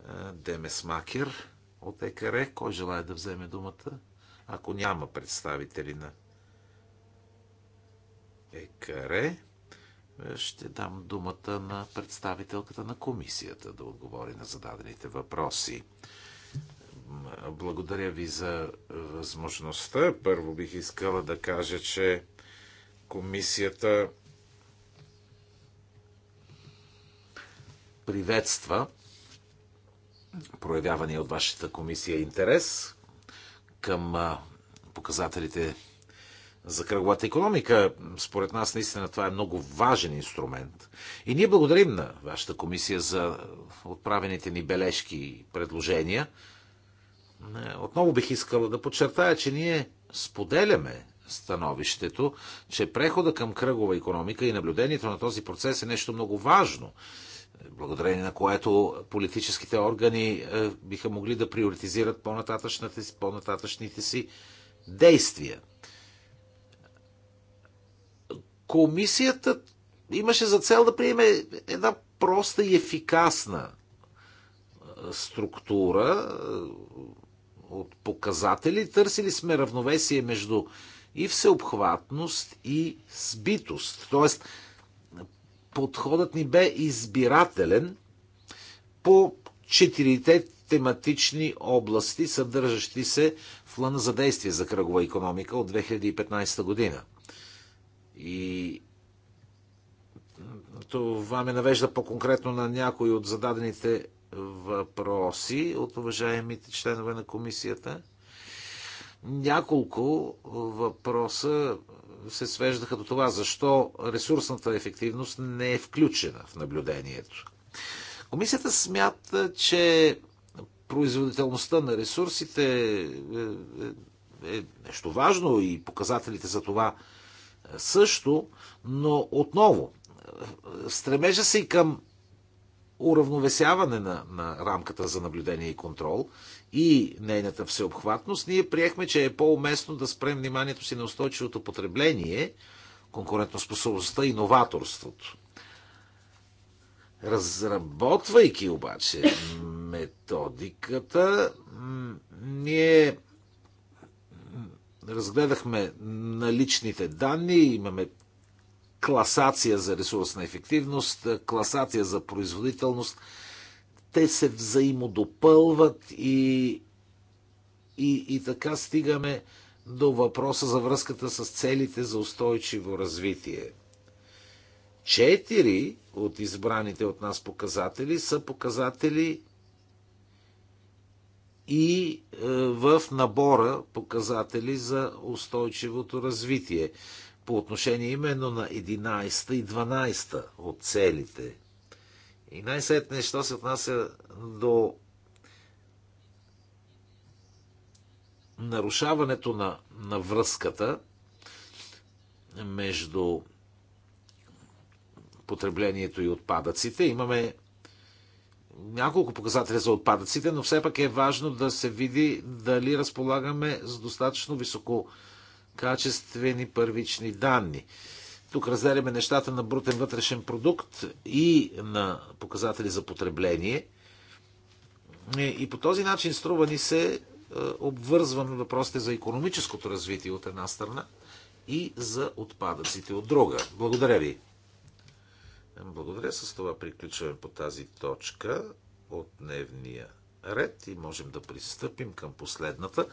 Е, Демес Макер от ЕКР. Кой желая да вземе думата? Ако няма представители на ЕКР, е, ще дам думата на представителката на комисията да отговори на зададените въпроси. Благодаря ви за е, възможността. Първо бих искала да кажа, че комисията приветства проявявания от вашата комисия интерес към е, показателите за кръговата економика. Според нас наистина това е много важен инструмент. И ние благодарим на вашата комисия за отправените ни бележки и предложения – е, отново бих искала да подчертая, че ние споделяме становището, че прехода към кръгова економика и наблюдението на този процес е нещо много важно, благодарение на което политическите органи е, биха могли да приоритизират по-нататъчните, по-нататъчните си действия. Комисията имаше за цел да приеме една проста и ефикасна е, структура, от показатели. Търсили сме равновесие между и всеобхватност, и сбитост. Тоест, подходът ни бе избирателен по четирите тематични области, съдържащи се в плана за действие за кръгова економика от 2015 година. И това ме навежда по-конкретно на някои от зададените въпроси от уважаемите членове на комисията. Няколко въпроса се свеждаха до това, защо ресурсната ефективност не е включена в наблюдението. Комисията смята, че производителността на ресурсите е, е, е нещо важно и показателите за това също, но отново стремежа се и към уравновесяване на, на рамката за наблюдение и контрол и нейната всеобхватност, ние приехме, че е по-уместно да спрем вниманието си на устойчивото потребление, конкурентоспособността и новаторството. Разработвайки обаче методиката, ние разгледахме наличните данни, имаме класация за ресурсна ефективност, класация за производителност. Те се взаимодопълват и, и, и така стигаме до въпроса за връзката с целите за устойчиво развитие. Четири от избраните от нас показатели са показатели и е, в набора показатели за устойчивото развитие по отношение именно на 11 и 12 от целите. И най-сетне, що се отнася до нарушаването на, на връзката между потреблението и отпадъците. Имаме няколко показателя за отпадъците, но все пак е важно да се види дали разполагаме с достатъчно високо качествени първични данни. Тук разделяме нещата на брутен вътрешен продукт и на показатели за потребление. Е, и по този начин струва ни се е, обвързваме въпросите за економическото развитие от една страна и за отпадъците от друга. Благодаря ви. Благодаря. С това приключваме по тази точка от дневния ред и можем да пристъпим към последната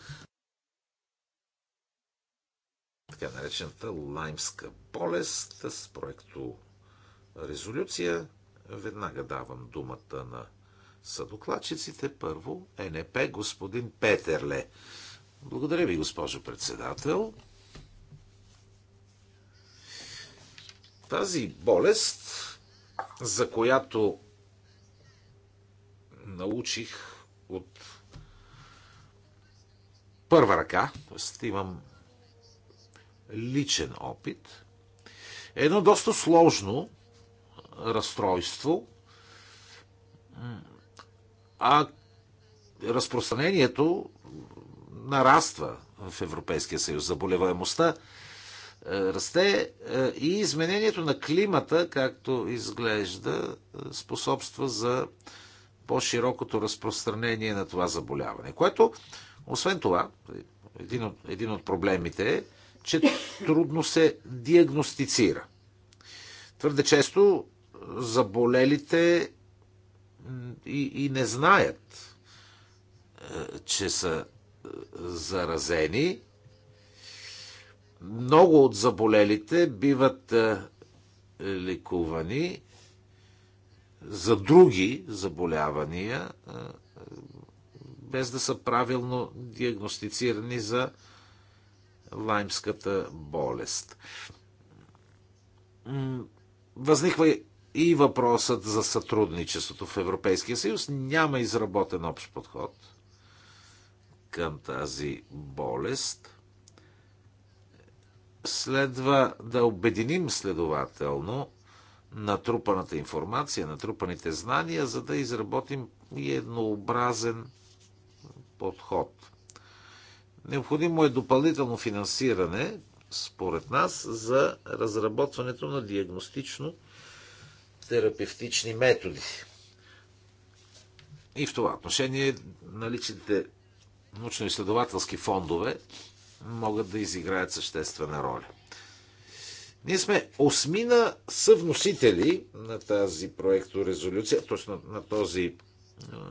така наречената лаймска болест с проекто резолюция. Веднага давам думата на съдокладчиците. Първо, НП, господин Петерле. Благодаря ви, госпожо председател. Тази болест, за която научих от първа ръка, т.е. имам личен опит. Едно доста сложно разстройство, а разпространението нараства в Европейския съюз. Заболеваемостта е, расте е, и изменението на климата, както изглежда, е, способства за по-широкото разпространение на това заболяване. Което, освен това, един от, един от проблемите е, че трудно се диагностицира. Твърде често заболелите и, и не знаят, е, че са е, заразени. Много от заболелите биват е, лекувани за други заболявания, без да са правилно диагностицирани за лаймската болест. Възниква и въпросът за сътрудничеството в Европейския съюз. Няма изработен общ подход към тази болест. Следва да обединим следователно натрупаната информация, натрупаните знания, за да изработим и еднообразен подход. Необходимо е допълнително финансиране, според нас, за разработването на диагностично-терапевтични методи. И в това отношение наличните научно-изследователски фондове могат да изиграят съществена роля. Ние сме осмина съвносители на тази проекторезолюция, т.е. На, на този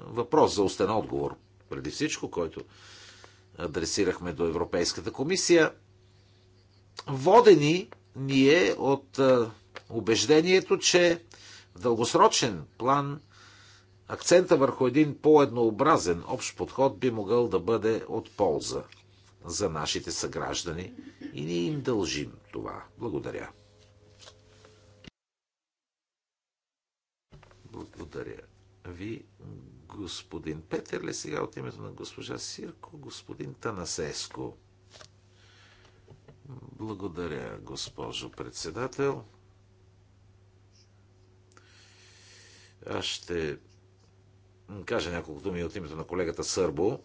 въпрос за устен отговор, преди всичко, който адресирахме до Европейската комисия. Водени ние от убеждението, че в дългосрочен план акцента върху един по-еднообразен общ подход би могъл да бъде от полза за нашите съграждани и ние им дължим това. Благодаря. Благодаря ви, господин Петерле, сега от името на госпожа Сирко, господин Танасеско. Благодаря, госпожо председател. Аз ще кажа няколко думи от името на колегата Сърбо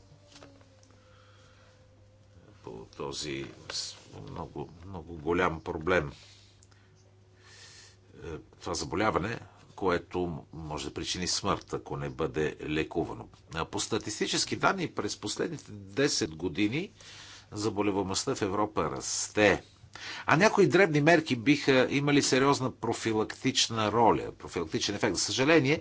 по този много, много голям проблем. Е, това заболяване, което може да причини смърт, ако не бъде лекувано. По статистически данни през последните 10 години заболеваността в Европа расте. А някои дребни мерки биха имали сериозна профилактична роля, профилактичен ефект. За съжаление, е,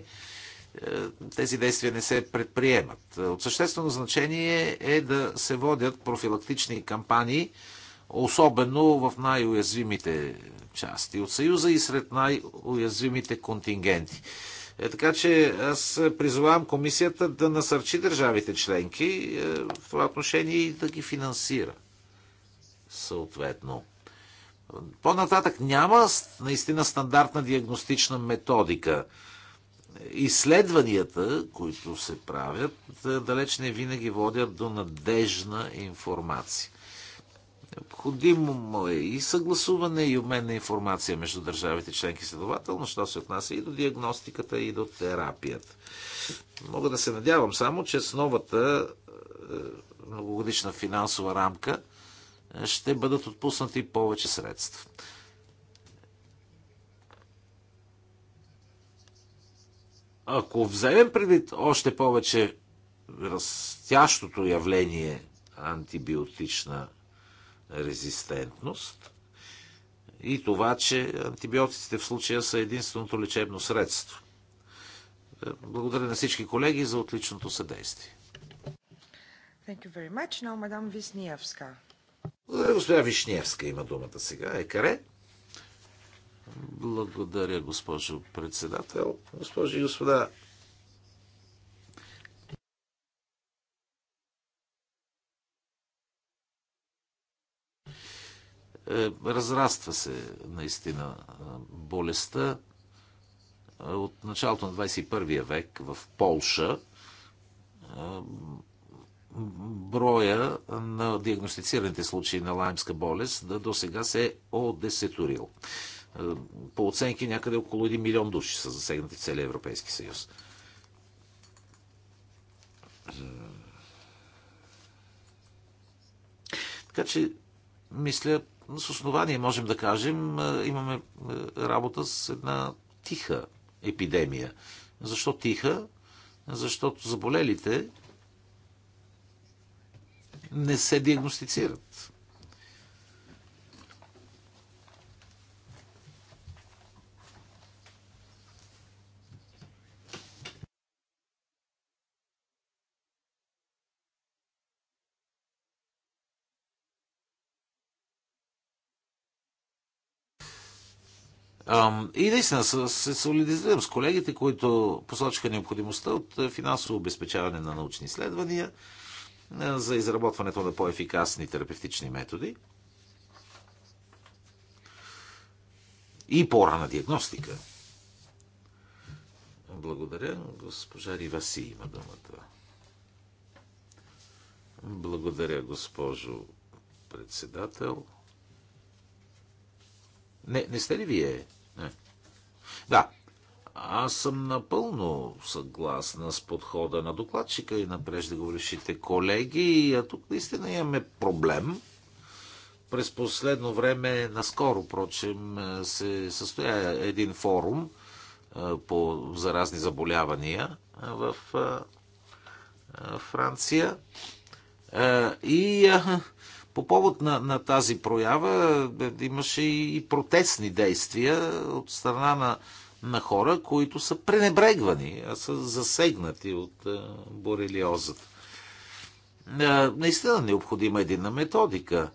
тези действия не се предприемат. От съществено значение е да се водят профилактични кампании, особено в най-уязвимите части от Съюза и сред най-уязвимите контингенти. Е, така че аз призовавам комисията да насърчи държавите членки е, в това отношение и да ги финансира съответно. По-нататък няма наистина стандартна диагностична методика. Изследванията, които се правят, е, далеч не винаги водят до надежна информация. Необходимо е и съгласуване, и обменна на информация между държавите членки следователно, що се отнася и до диагностиката, и до терапията. Мога да се надявам само, че с новата е, многогодишна финансова рамка е, ще бъдат отпуснати повече средства. Ако вземем предвид още повече растящото явление антибиотична резистентност и това, че антибиотиците в случая са единственото лечебно средство. Е, благодаря на всички колеги за отличното съдействие. Thank you very much. Now, мадам Благодаря, госпожа Вишневска има думата сега. Екаре. Благодаря, госпожо председател. Госпожи и господа, Е, разраства се наистина е, болестта. Е, от началото на 21 век в Полша броя на диагностицираните случаи на лаймска болест да до сега се е одесетурил. По оценки някъде около 1 милион души са засегнати в целия Европейски съюз. Така че, мисля, с основание можем да кажем, е, имаме е, работа с една тиха епидемия. Защо тиха? Защото заболелите не се диагностицират. И наистина се солидизирам с колегите, които посочиха необходимостта от е, финансово обезпечаване на научни изследвания е, за изработването на по-ефикасни терапевтични методи и по-рана диагностика. Благодаря. Госпожа Риваси има думата. Благодаря, госпожо председател. Не, не сте ли вие? Не. Да, аз съм напълно съгласна с подхода на докладчика и на преждеговорившите колеги. А тук наистина имаме проблем. През последно време, наскоро, прочем се състоя един форум е, по заразни заболявания е, в е, Франция. И по повод на, на тази проява е, имаше и протестни действия от страна на, на хора, които са пренебрегвани, а са засегнати от е, борелиозата. Е, наистина необходима единна методика,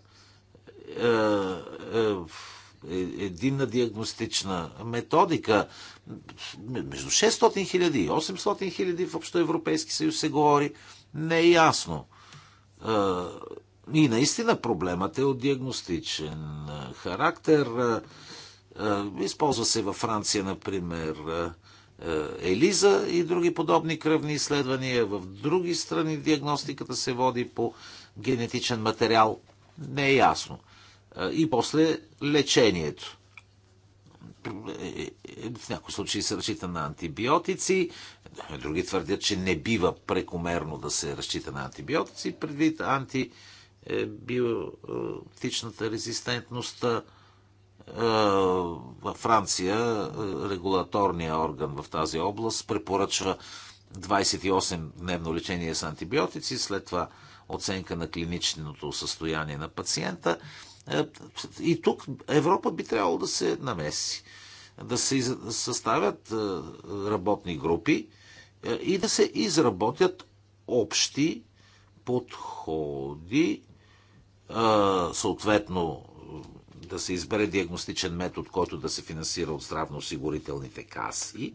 единна диагностична методика. Между 600 000 и 800 000, в Общоевропейски съюз се говори. Не е ясно и наистина проблемът е от диагностичен характер. Използва се във Франция, например, Елиза и други подобни кръвни изследвания. В други страни диагностиката се води по генетичен материал. Не е ясно. И после лечението. В някои случаи се разчита на антибиотици, други твърдят, че не бива прекомерно да се разчита на антибиотици, предвид анти е биотичната резистентност е, във Франция е, регулаторния орган в тази област препоръчва 28-дневно лечение с антибиотици, след това оценка на клиничното състояние на пациента. И тук Европа би трябвало да се намеси, да се съставят работни групи и да се изработят общи подходи съответно да се избере диагностичен метод, който да се финансира от здравноосигурителните каси.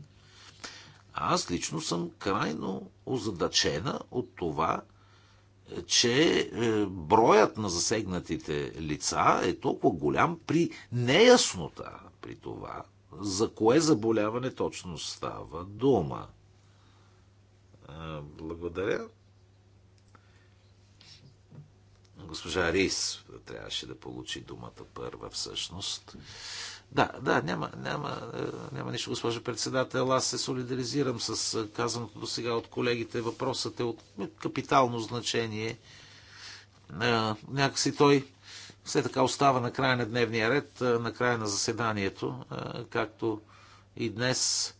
Аз лично съм крайно озадачена от това, че е, броят на засегнатите лица е толкова голям при неяснота при това, за кое заболяване точно става дума. Е, благодаря. Госпожа Рис трябваше да получи думата първа всъщност. Да, да, няма, няма, е, няма нищо, госпожа председател. Аз се солидаризирам с е, казаното до сега от колегите. Въпросът е от е, капитално значение. Някакси той все така остава на края на дневния ред, на края на заседанието, както и днес.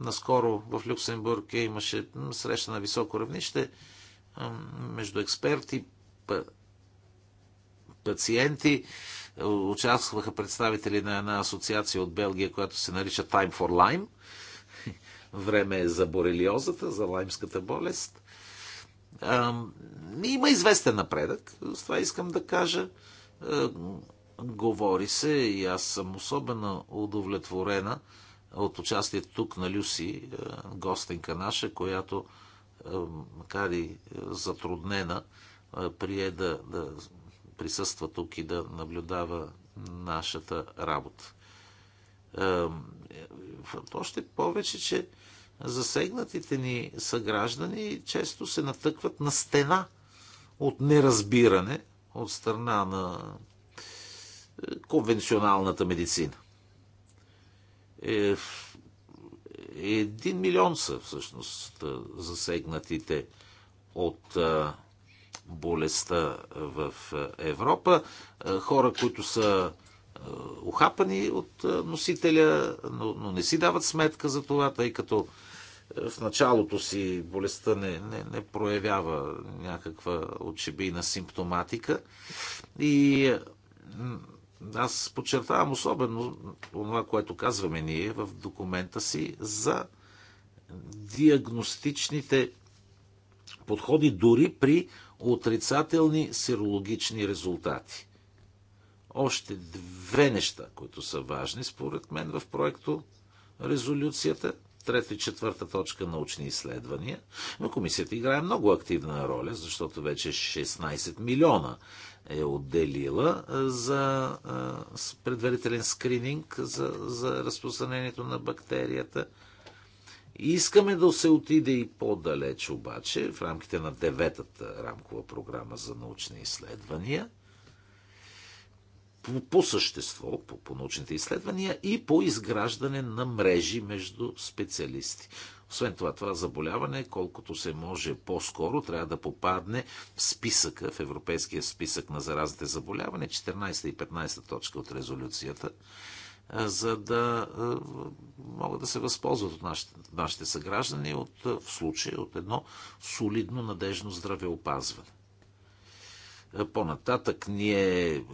Наскоро в Люксембург имаше среща на високо равнище между експерти, пациенти. Участваха представители на една асоциация от Белгия, която се нарича Time for Lyme. Време е за борелиозата, за лаймската болест. Има известен напредък, с това искам да кажа. Говори се и аз съм особено удовлетворена от участието тук на Люси, гостенка наша, която макар и затруднена, прие да, да присъства тук и да наблюдава нашата работа. Е, още повече, че засегнатите ни съграждани често се натъкват на стена от неразбиране от страна на е, конвенционалната медицина. Е, един милион са всъщност засегнатите от болестта в е, Европа. Е, хора, които са е, ухапани от носителя, но, но не си дават сметка за това, тъй като в началото си болестта не, не, не проявява някаква очебийна симптоматика. И аз подчертавам особено това, което казваме ние в документа си за диагностичните подходи дори при отрицателни серологични резултати. Още две неща, които са важни според мен в проекто резолюцията. Трета и четвърта точка научни изследвания. Но комисията играе много активна роля, защото вече 16 милиона е отделила за предварителен скрининг за, за разпространението на бактерията – Искаме да се отиде и по-далеч обаче, в рамките на деветата рамкова програма за научни изследвания, по, по същество, по, по научните изследвания и по изграждане на мрежи между специалисти. Освен това, това заболяване, колкото се може по-скоро, трябва да попадне в списъка, в европейския списък на заразните заболявания, 14 и 15 точка от резолюцията за да могат да се възползват от нашите, нашите съграждани от, в случая от едно солидно, надежно здравеопазване. По-нататък ние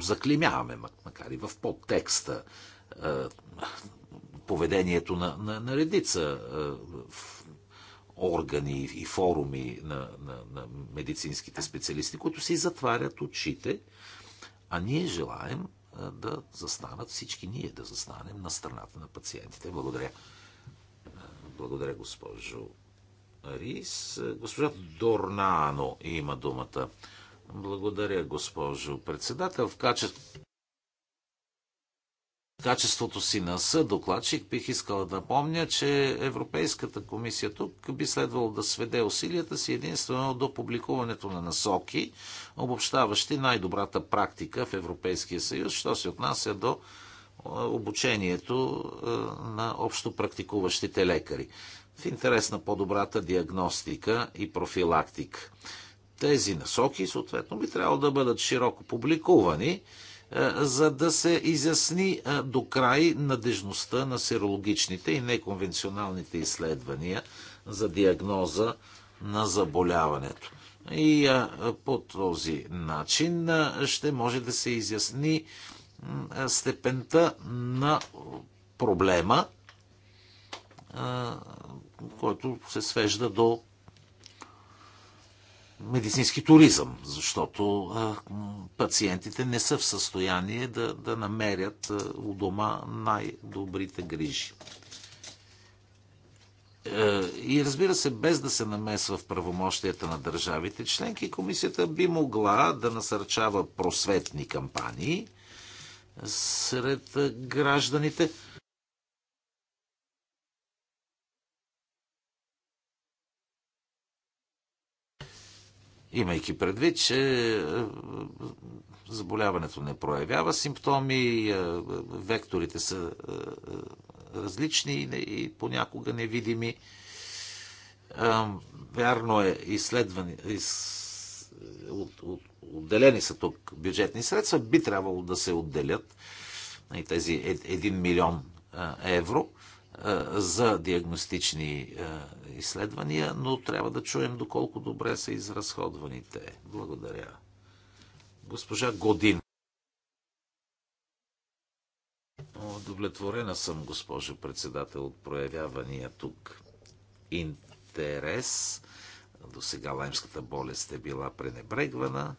заклимяваме, макар и в подтекста, поведението на, на, на редица органи и форуми на, на, на медицинските специалисти, които си затварят очите, а ние желаем да застанат всички ние, да застанем на страната на пациентите. Благодаря. Благодаря, госпожо Рис. Госпожа Дорнано има думата. Благодаря, госпожо председател. В качество качеството си на докладчик бих искала да помня, че Европейската комисия тук би следвало да сведе усилията си единствено до публикуването на насоки, обобщаващи най-добрата практика в Европейския съюз, що се отнася до е, обучението е, на общо практикуващите лекари в интерес на по-добрата диагностика и профилактика. Тези насоки, съответно, би трябвало да бъдат широко публикувани, е, за да се изясни е, до край надежността на серологичните и неконвенционалните изследвания за диагноза на заболяването. И е, по този начин ще може да се изясни степента на проблема, който се свежда до медицински туризъм, защото пациентите не са в състояние да, да намерят у дома най-добрите грижи. Е, и разбира се, без да се намесва в правомощията на държавите членки, комисията би могла да насърчава просветни кампании сред гражданите – Имайки предвид, че е, е, заболяването не проявява симптоми, е, векторите са различни и понякога невидими. Вярно е, изследвани, отделени са тук бюджетни средства, би трябвало да се отделят нали, тези 1 милион евро – е, за диагностични е, изследвания, но трябва да чуем доколко добре са изразходваните. Благодаря. Госпожа Годин. Удовлетворена съм, госпожо председател, от проявявания тук интерес. До сега лаймската болест е била пренебрегвана.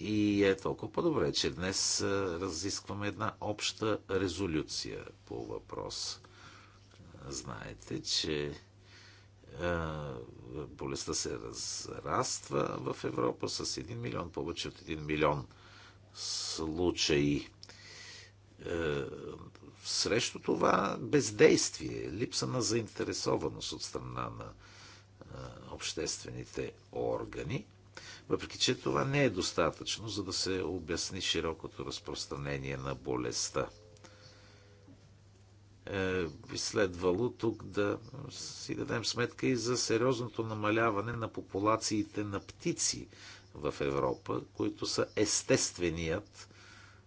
И е толкова по-добре, че днес разискваме една обща резолюция по въпрос. Знаете, че болестта се разраства в Европа с 1 милион, повече от 1 милион случаи. Срещу това бездействие, липса на заинтересованост от страна на обществените органи – въпреки, че това не е достатъчно, за да се обясни широкото разпространение на болестта. Е, би следвало тук да си дадем сметка и за сериозното намаляване на популациите на птици в Европа, които са естественият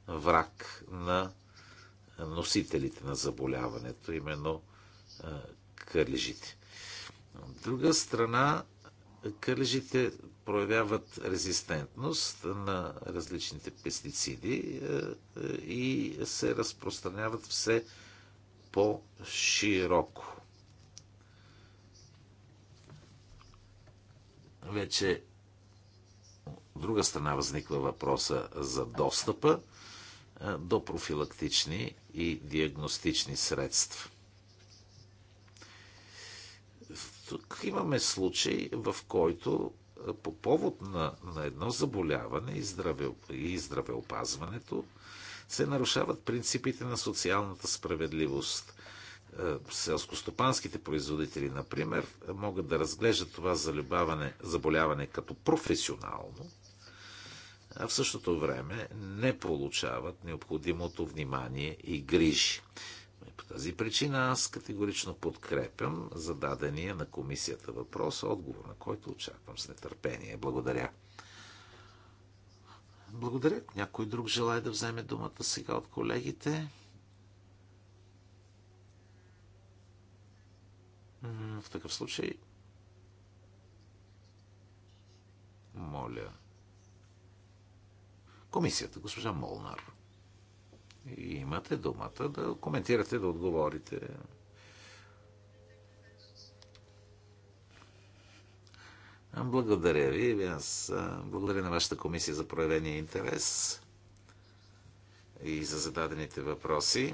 враг на носителите на заболяването, именно е, кърлежите. От друга страна, кърлежите проявяват резистентност на различните пестициди е, е, и се разпространяват все по-широко. Вече от друга страна възниква въпроса за достъпа е, до профилактични и диагностични средства. Тук имаме случай, в който е, по повод на, на едно заболяване и, здраве, и здравеопазването се нарушават принципите на социалната справедливост. Е, селскостопанските производители, например, могат да разглеждат това заболяване като професионално, а в същото време не получават необходимото внимание и грижи. По тази причина аз категорично подкрепям зададения на комисията въпрос, отговор на който очаквам с нетърпение. Благодаря. Благодаря. Някой друг желая да вземе думата сега от колегите? В такъв случай, моля. Комисията, госпожа Молнар. И имате думата да коментирате, да отговорите. Благодаря ви. Аз благодаря на вашата комисия за проявения интерес и за зададените въпроси.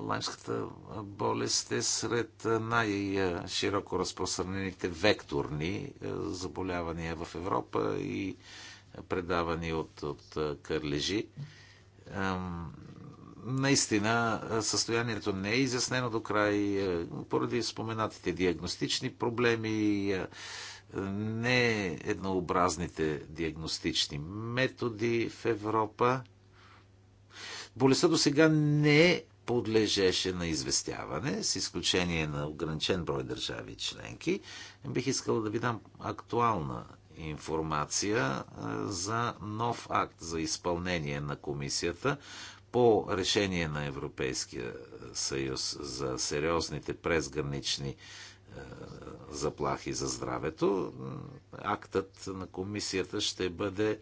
Лаймската болест е сред най-широко разпространените векторни заболявания в Европа и предавани от, от кърлежи наистина състоянието не е изяснено до край поради споменатите диагностични проблеми, не еднообразните диагностични методи в Европа. Болестта до сега не подлежеше на известяване, с изключение на ограничен брой държави членки. Бих искал да ви дам актуална информация за нов акт за изпълнение на комисията по решение на Европейския съюз за сериозните презгранични заплахи за здравето. Актът на комисията ще бъде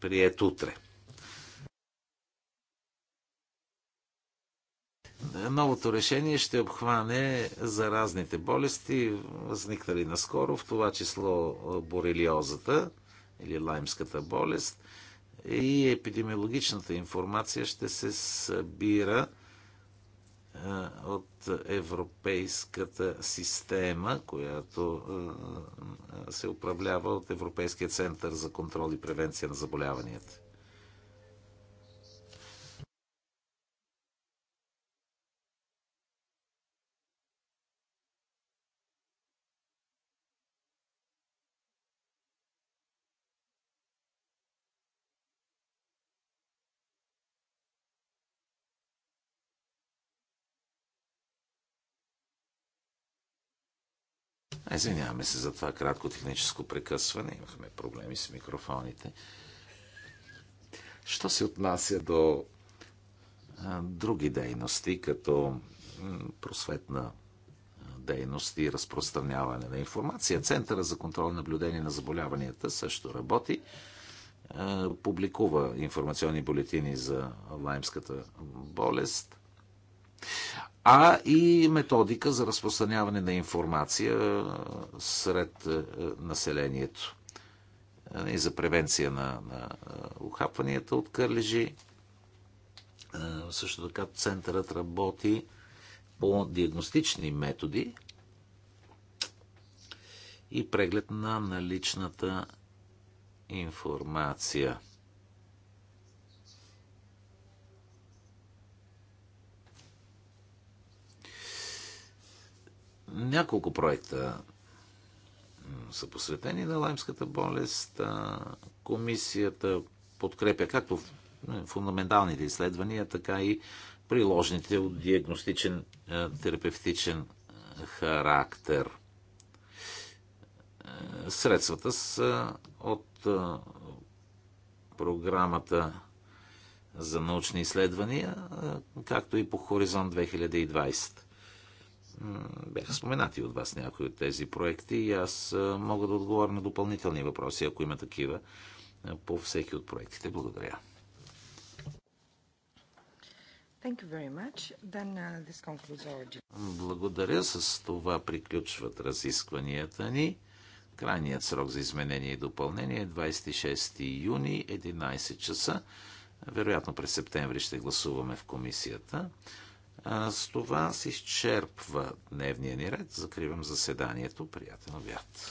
прият утре. Новото решение ще обхване заразните болести, възникнали наскоро, в това число борелиозата или лаймската болест. И епидемиологичната информация ще се събира от европейската система, която се управлява от Европейския център за контрол и превенция на заболяванията. Извиняваме се за това кратко техническо прекъсване. Имахме проблеми с микрофоните. Що се отнася до а, други дейности, като просветна дейност и разпространяване на информация. Центъра за контрол и наблюдение на заболяванията също работи. Публикува информационни бюлетини за лаймската болест а и методика за разпространяване на информация сред населението и за превенция на, на ухапванията от кърлежи. Също така центърът работи по диагностични методи и преглед на наличната информация. Няколко проекта са посветени на лаймската болест. Комисията подкрепя както фундаменталните изследвания, така и приложните от диагностичен терапевтичен характер. Средствата са от програмата за научни изследвания, както и по Хоризонт 2020. Бяха споменати от вас някои от тези проекти и аз мога да отговоря на допълнителни въпроси, ако има такива, по всеки от проектите. Благодаря. Uh, our... Благодаря. С това приключват разискванията ни. Крайният срок за изменение и допълнение е 26 юни, 11 часа. Вероятно през септември ще гласуваме в комисията. С това се изчерпва дневния ни ред. Закривам заседанието. Приятен обяд!